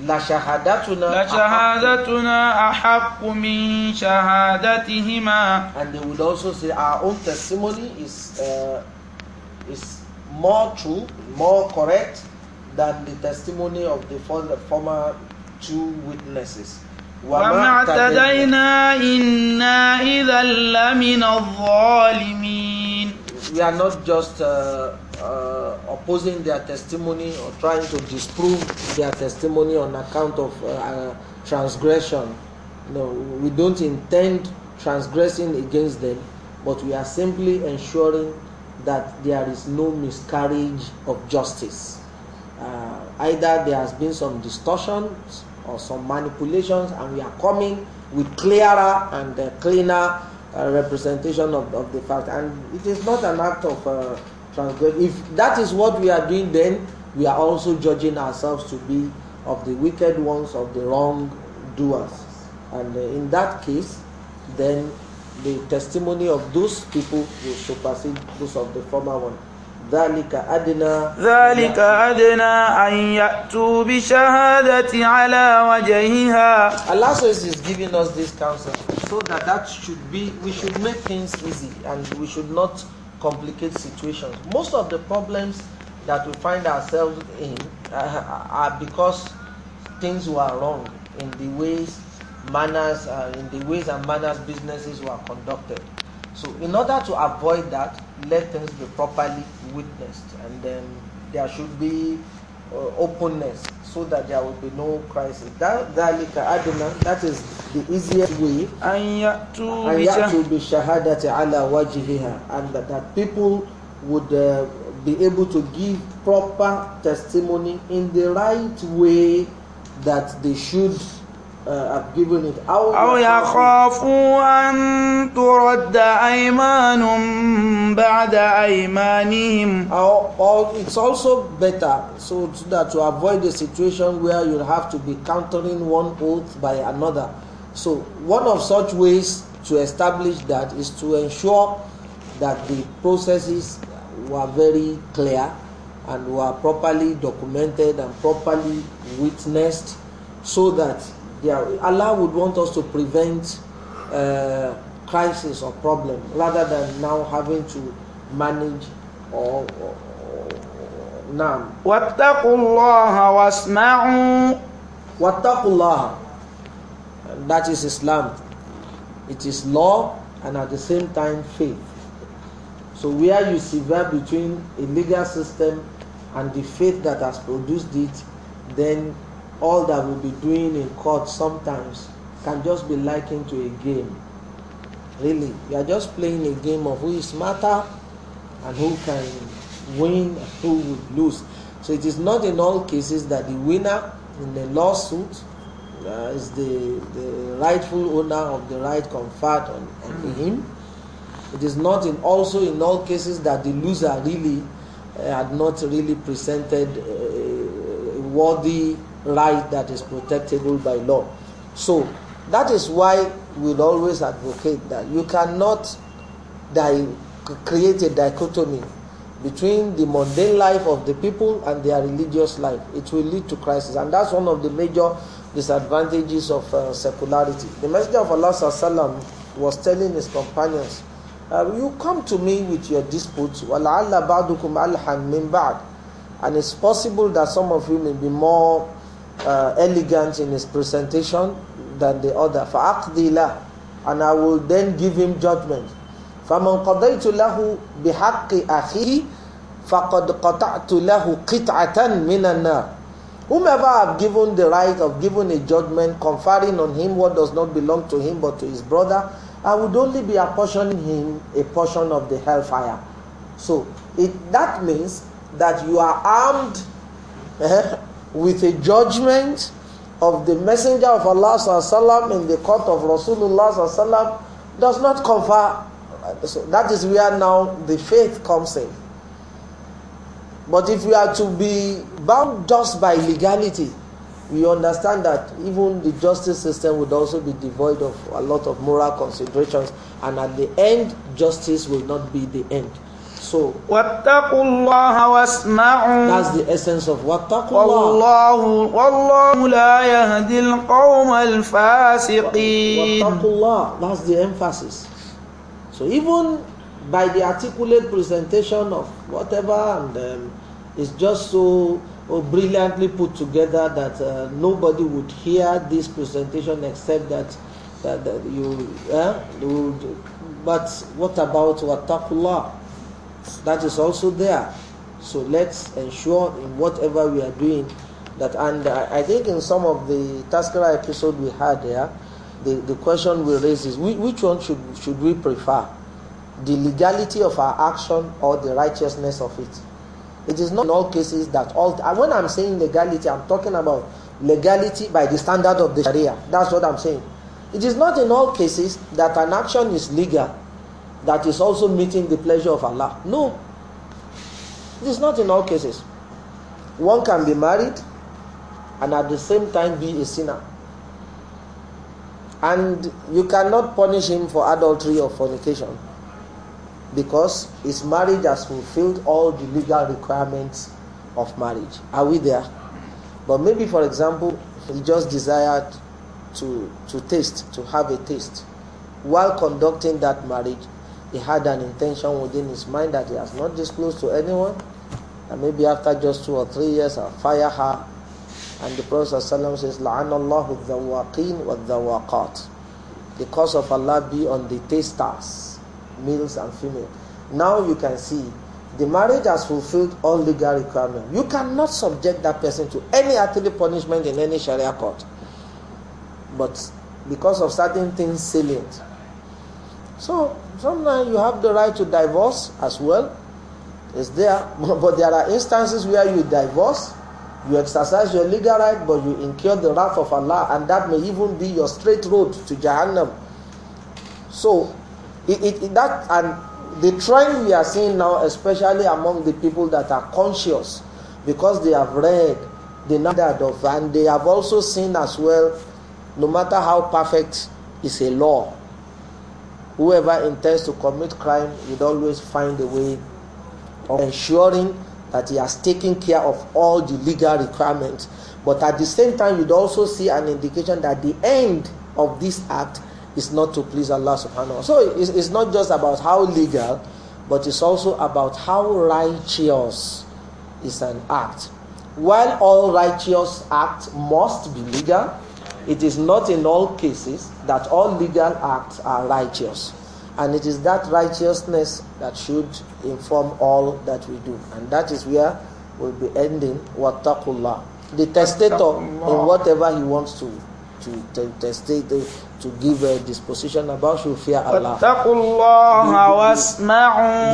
la shahadatuna, أَحَقُّ مِنْ شَهَادَتِهِمَا And they would also say our own testimony is, uh, is more true, more correct than the testimony of the former two witnesses. وما اعتدينا إنا إذا لمن الظالمين We are not just uh, uh, opposing their testimony or trying to disprove their testimony on account of uh, transgression. No, we don't intend transgressing against them, but we are simply ensuring that there is no miscarriage of justice. Uh, either there has been some distortions or some manipulations, and we are coming with clearer and uh, cleaner uh, representation of, of the fact. And it is not an act of uh, transgression. If that is what we are doing, then we are also judging ourselves to be of the wicked ones, of the wrong doers. And uh, in that case, then the testimony of those people will supersede those of the former one. ذلك أدنى ذلك أدنى أن يأتوا بشهادة على وجهها Allah says is giving us this counsel so that that should be we should make things easy and we should not complicate situations most of the problems that we find ourselves in uh, are because things were wrong in the ways manners uh, in the ways and manners businesses were conducted so, in order to avoid that, let things be properly witnessed, and then there should be uh, openness so that there will be no crisis. That, that is the easiest way. And yet to be ala and that, that people would uh, be able to give proper testimony in the right way that they should uh, أو يخافوا أن ترد أيمان بعد أيمانهم. it's also better so that to avoid the situation where you have to be countering one oath by another. So one of such ways to establish that is to ensure that the processes were very clear and were properly documented and properly witnessed so that yeah, Allah would want us to prevent uh, crisis or problem rather than now having to manage or, or, or now. وَاتَّقُوا That is Islam. It is law and at the same time faith. So where you sever between a legal system and the faith that has produced it, then all that we'll be doing in court sometimes can just be likened to a game. Really, you are just playing a game of who is smarter and who can win and who would lose. So it is not in all cases that the winner in the lawsuit uh, is the, the rightful owner of the right conferred on, on mm -hmm. him. It is not in also in all cases that the loser really uh, had not really presented a worthy right that is protectable by law. So that is why we'll always advocate that you cannot di- create a dichotomy between the mundane life of the people and their religious life. It will lead to crisis, and that's one of the major disadvantages of uh, secularity. The Messenger of Allah was telling his companions, uh, "You come to me with your disputes, وَلَعَلَّ بَعْدُكُمْ badukum مِنْ بَعْدٍ and it's possible that some of you may be more uh, elegant in his presentation than the other. فَأَقْضِي لَهُ And I will then give him judgment. فَمَنْ قَضَيْتُ لَهُ بِحَقِّ أَخِيهِ فَقَدْ قَطَعْتُ لَهُ قِطْعَةً مِنَ النَّارِ Whomever I've given the right of giving a judgment, conferring on him what does not belong to him but to his brother, I would only be apportioning him a portion of the hellfire. So it, that means that you are armed eh, with a judgment of the messenger of Allah in the court of Rasulullah does not confer so that is where now the faith comes in but if we are to be bound just by legality we understand that even the justice system would also be devoid of a lot of moral considerations and at the end justice will not be the end so, that's the essence of wattaqullah. Wallahu la that's the emphasis. So even by the articulate presentation of whatever and um, it's just so brilliantly put together that uh, nobody would hear this presentation except that that, that you, eh, but what about wattaqullah that is also there. So let's ensure in whatever we are doing that. And I think in some of the Taskara episode we had there, the, the question we raise is which one should, should we prefer? The legality of our action or the righteousness of it? It is not in all cases that all. When I'm saying legality, I'm talking about legality by the standard of the Sharia. That's what I'm saying. It is not in all cases that an action is legal that is also meeting the pleasure of Allah. No. It is not in all cases. One can be married and at the same time be a sinner. And you cannot punish him for adultery or fornication because his marriage has fulfilled all the legal requirements of marriage. Are we there? But maybe, for example, he just desired to, to taste, to have a taste. While conducting that marriage, he had an intention within his mind that he has not disclosed to anyone. And maybe after just two or three years, I'll fire her. And the Prophet ﷺ says, ilaha اللَّهُ wa وَالذَّوَّاقَاتِ The curse of Allah be on the tasters, males and females. Now you can see the marriage has fulfilled all legal requirements. You cannot subject that person to any earthly punishment in any Sharia court. But because of certain things salient, so sometimes you have the right to divorce as well. It's there, but there are instances where you divorce, you exercise your legal right, but you incur the wrath of Allah, and that may even be your straight road to Jahannam. So, it, it, that and the trend we are seeing now, especially among the people that are conscious, because they have read the Nadad of, and they have also seen as well, no matter how perfect is a law, whoever intends to commit crime would always find a way of ensuring that he has taken care of all the legal requirements. But at the same time, you'd also see an indication that the end of this act is not to please Allah subhanahu wa ta'ala. So it's, it's not just about how legal, but it's also about how righteous is an act. While all righteous acts must be legal, it is not in all cases that all legal acts are righteous. And it is that righteousness that should inform all that we do. And that is where we'll be ending Wattakullah. The testator, in whatever he wants to to testate, uh, to give a disposition about should fear Allah. The,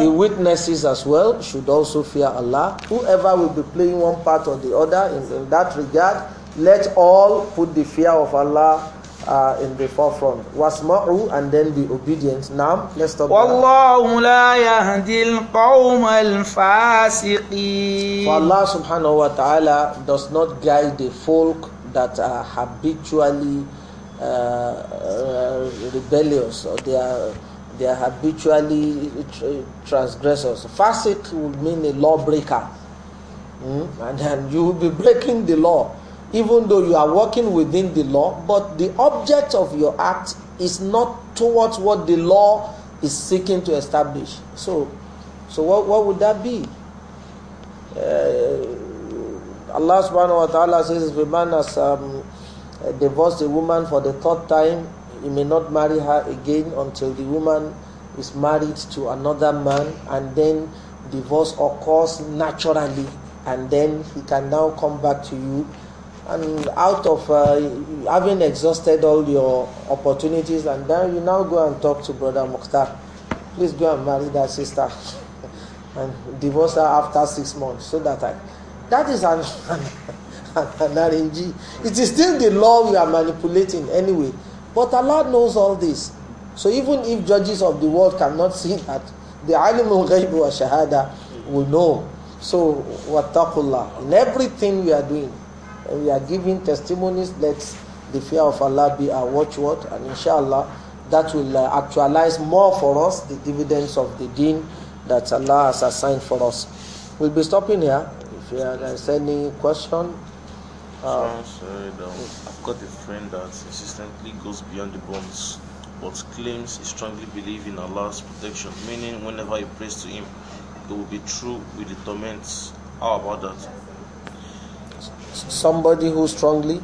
the witnesses as well should also fear Allah. Whoever will be playing one part or the other in, in that regard, let all put the fear of Allah uh, in the forefront. Wasma'u and then be obedient. Now, let's talk Wallahu la qawm al For Allah subhanahu wa ta'ala does not guide the folk that are habitually uh, uh, rebellious or they are they are habitually transgressors. Fasiq would mean a lawbreaker. Mm? And then you will be breaking the law even though you are working within the law, but the object of your act is not towards what the law is seeking to establish. So, so what, what would that be? Uh, Allah subhanahu wa ta'ala says, if a man has um, divorced a woman for the third time, he may not marry her again until the woman is married to another man and then divorce occurs naturally and then he can now come back to you and out of uh, having exhausted all your opportunities, and then you now go and talk to Brother Mukhtar. Please go and marry that sister and divorce her after six months so that I. That is an, an, an RNG. It is still the law we are manipulating anyway. But Allah knows all this. So even if judges of the world cannot see that, the alimul ghaib wa shahada will know. So, wattaqullah. In everything we are doing, we are giving testimonies, let the fear of Allah be our watchword, and inshallah, that will uh, actualize more for us the dividends of the deen that Allah has assigned for us. We'll be stopping here. If you there is uh, any question, uh, sorry, um, I've got a friend that insistently goes beyond the bounds, but claims he strongly believes in Allah's protection, meaning whenever he prays to Him, it will be true with the torments. How about that? somebody who strongly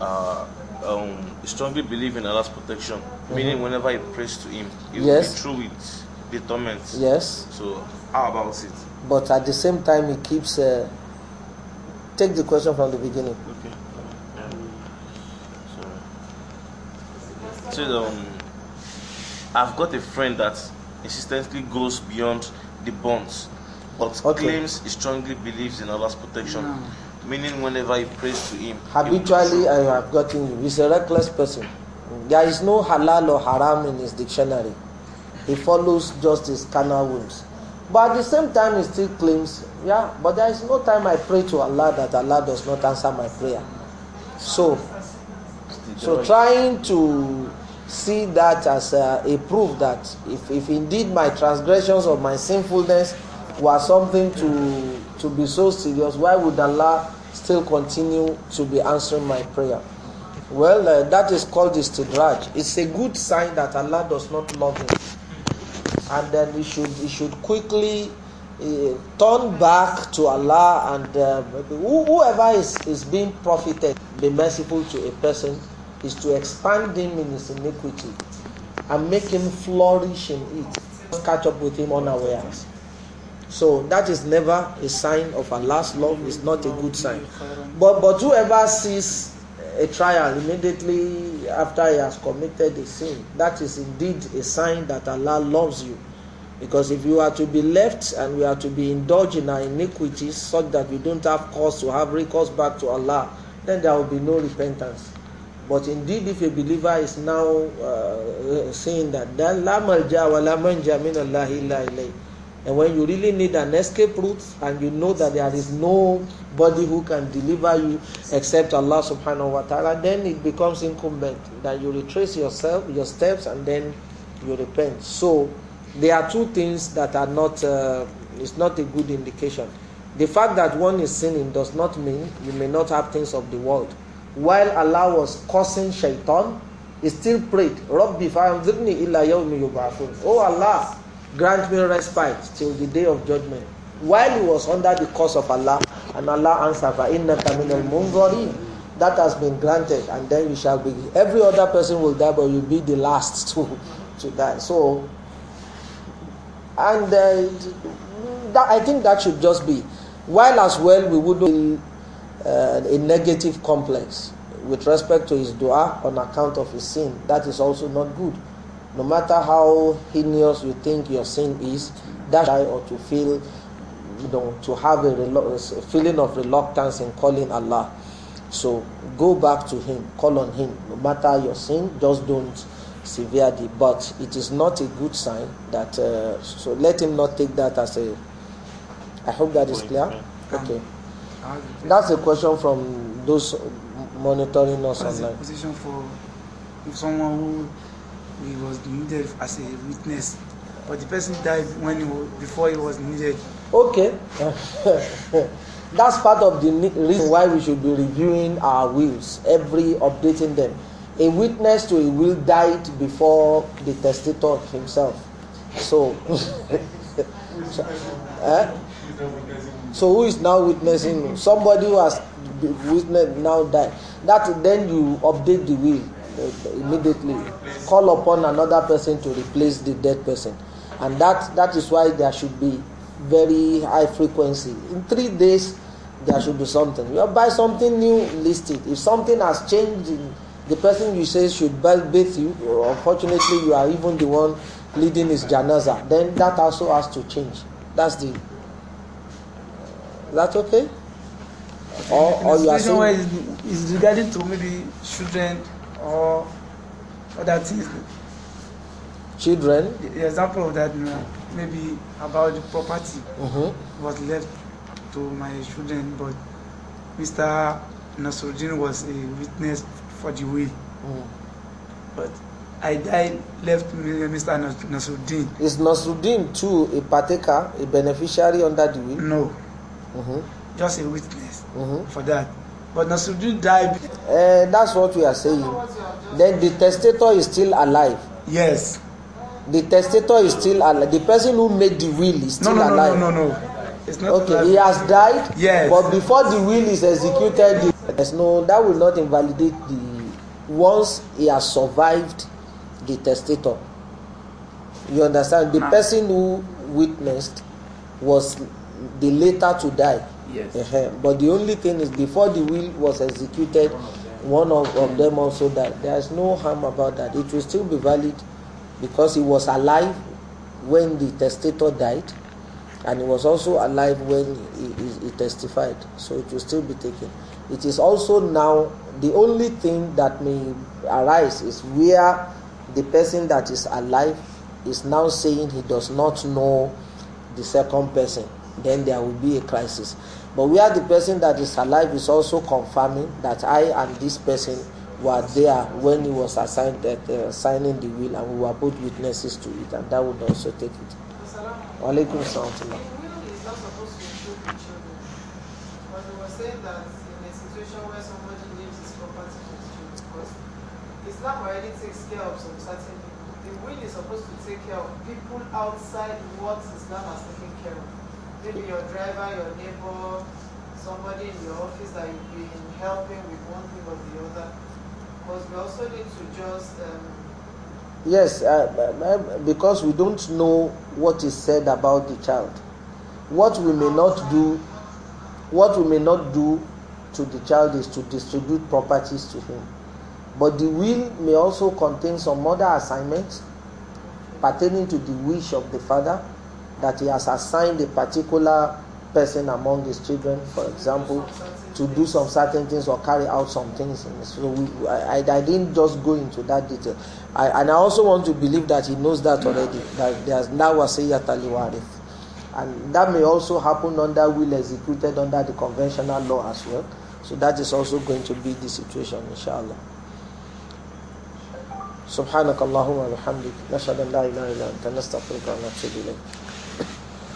uh, um, strongly believe in Allah's protection. Mm-hmm. Meaning, whenever he prays to Him, He will be through with the torment. Yes. So, how about it? But at the same time, He keeps. Uh, take the question from the beginning. Okay. So, so um, I've got a friend that insistently goes beyond the bonds, but okay. claims he strongly believes in Allah's protection. No mm meaning whenever I pray to him. Habitually, I have gotten you. He's a reckless person. There is no halal or haram in his dictionary. He follows just his carnal rules. But at the same time, he still claims, yeah, but there is no time I pray to Allah that Allah does not answer my prayer. So, so trying to see that as a, a proof that if, if indeed my transgressions or my sinfulness were something to to be so serious, why would Allah still continue to be answering my prayer. Well, uh, that is called istidraj. It's a good sign that Allah does not love him. And then he should, he should quickly uh, turn back to Allah and uh, whoever is, is being profited, be merciful to a person, is to expand him in his iniquity and make him flourish in it. let catch up with him unawares. So that is never a sign of Allah's love, it's not a good sign. But, but whoever sees a trial immediately after he has committed a sin, that is indeed a sign that Allah loves you. Because if you are to be left and we are to be indulged in our iniquities such that we don't have cause to have recourse back to Allah, then there will be no repentance. But indeed, if a believer is now uh, saying that, then la Allah illa and when you really need an escape route and you know that there is nobody who can deliver you except Allah subhanahu wa ta'ala, then it becomes incumbent that you retrace yourself, your steps, and then you repent. So there are two things that are not, uh, it's not a good indication. The fact that one is sinning does not mean you may not have things of the world. While Allah was cursing shaitan, he still prayed, Rabbi fa'amzirni illa yawmi yub'athun. Oh Allah, grant me respite till the day of judgment. While he was under the curse of Allah, and Allah answered, the terminal الْمُنْظَرِينَ That has been granted, and then you shall be. Every other person will die, but you'll be the last to, to die. So, and uh, that, I think that should just be. While as well, we would uh, a negative complex with respect to his dua on account of his sin. That is also not good no matter how heinous you think your sin is, that shy or to feel, you know, to have a, relo- a feeling of reluctance in calling Allah. So go back to Him, call on Him. No matter your sin, just don't severely. But it is not a good sign that. Uh, so let him not take that as a. I hope that is clear. Um, okay. That's a question from those monitoring us online. position for if someone who he was needed as a witness but the person died when he was, before he was needed. okay that's part of the reason why we should be reviewing our wills every updating them a witness to a will died before the testator himself so so, eh? so who is now witnessing somebody who has witnessed now died that then you update the will immediately call upon another person to replace the dead person and that that is why there should be very high frequency in three days there should be something you buy something new list it if something has changed the person you say should bathe you unfortunately you are even the one leading his janaza then that also has to change that's the that okay or, or you are saying is regarding to maybe children or other things. Children? The, the example of that now, maybe about the property mm-hmm. was left to my children, but Mr. Nasruddin was a witness for the will. Mm. But I died, left Mr. Nasruddin. Is Nasruddin too a partaker, a beneficiary under the will? No. Mm-hmm. Just a witness mm-hmm. for that. But Nasruddin died. Uh, that's what we are saying. Then the testator is still alive. Yes. The testator is still alive. The person who made the will is still no, no, alive. No, no, no, no. It's not okay, alive. he has died. Yes. But before the will is executed, there's no that will not invalidate the once he has survived the testator. You understand? The ah. person who witnessed was the later to die Yes. Uh-huh. but the only thing is, before the will was executed, one of, of them also died. There is no harm about that. It will still be valid because he was alive when the testator died, and he was also alive when he, he, he testified. So it will still be taken. It is also now the only thing that may arise is where the person that is alive is now saying he does not know the second person then there will be a crisis. But where the person that is alive is also confirming that I and this person were there when he was assigned that, uh, signing the will, and we were both witnesses to it, and that would also take it. Alaikum salam. Islam already takes care of some certain people. The will is supposed to take care of people outside what Islam has taken care of maybe your driver, your neighbor, somebody in your office that you've been helping with one thing or the other. Because we also need to just. Um, yes, uh, uh, uh, because we don't know what is said about the child. What we may not do, what we may not do to the child is to distribute properties to him. But the will may also contain some other assignments pertaining to the wish of the father that he has assigned a particular person among his children, for example, to do some certain things or carry out some things. So we, I, I, didn't just go into that detail. I, and I also want to believe that he knows that already, that there's now wasiyat aliwarith. And that may also happen under will executed under the conventional law as well. So that is also going to be the situation, inshallah. سبحانك اللهم وبحمدك نشهد ان لا اله الا انت نستغفرك ونتوب اليك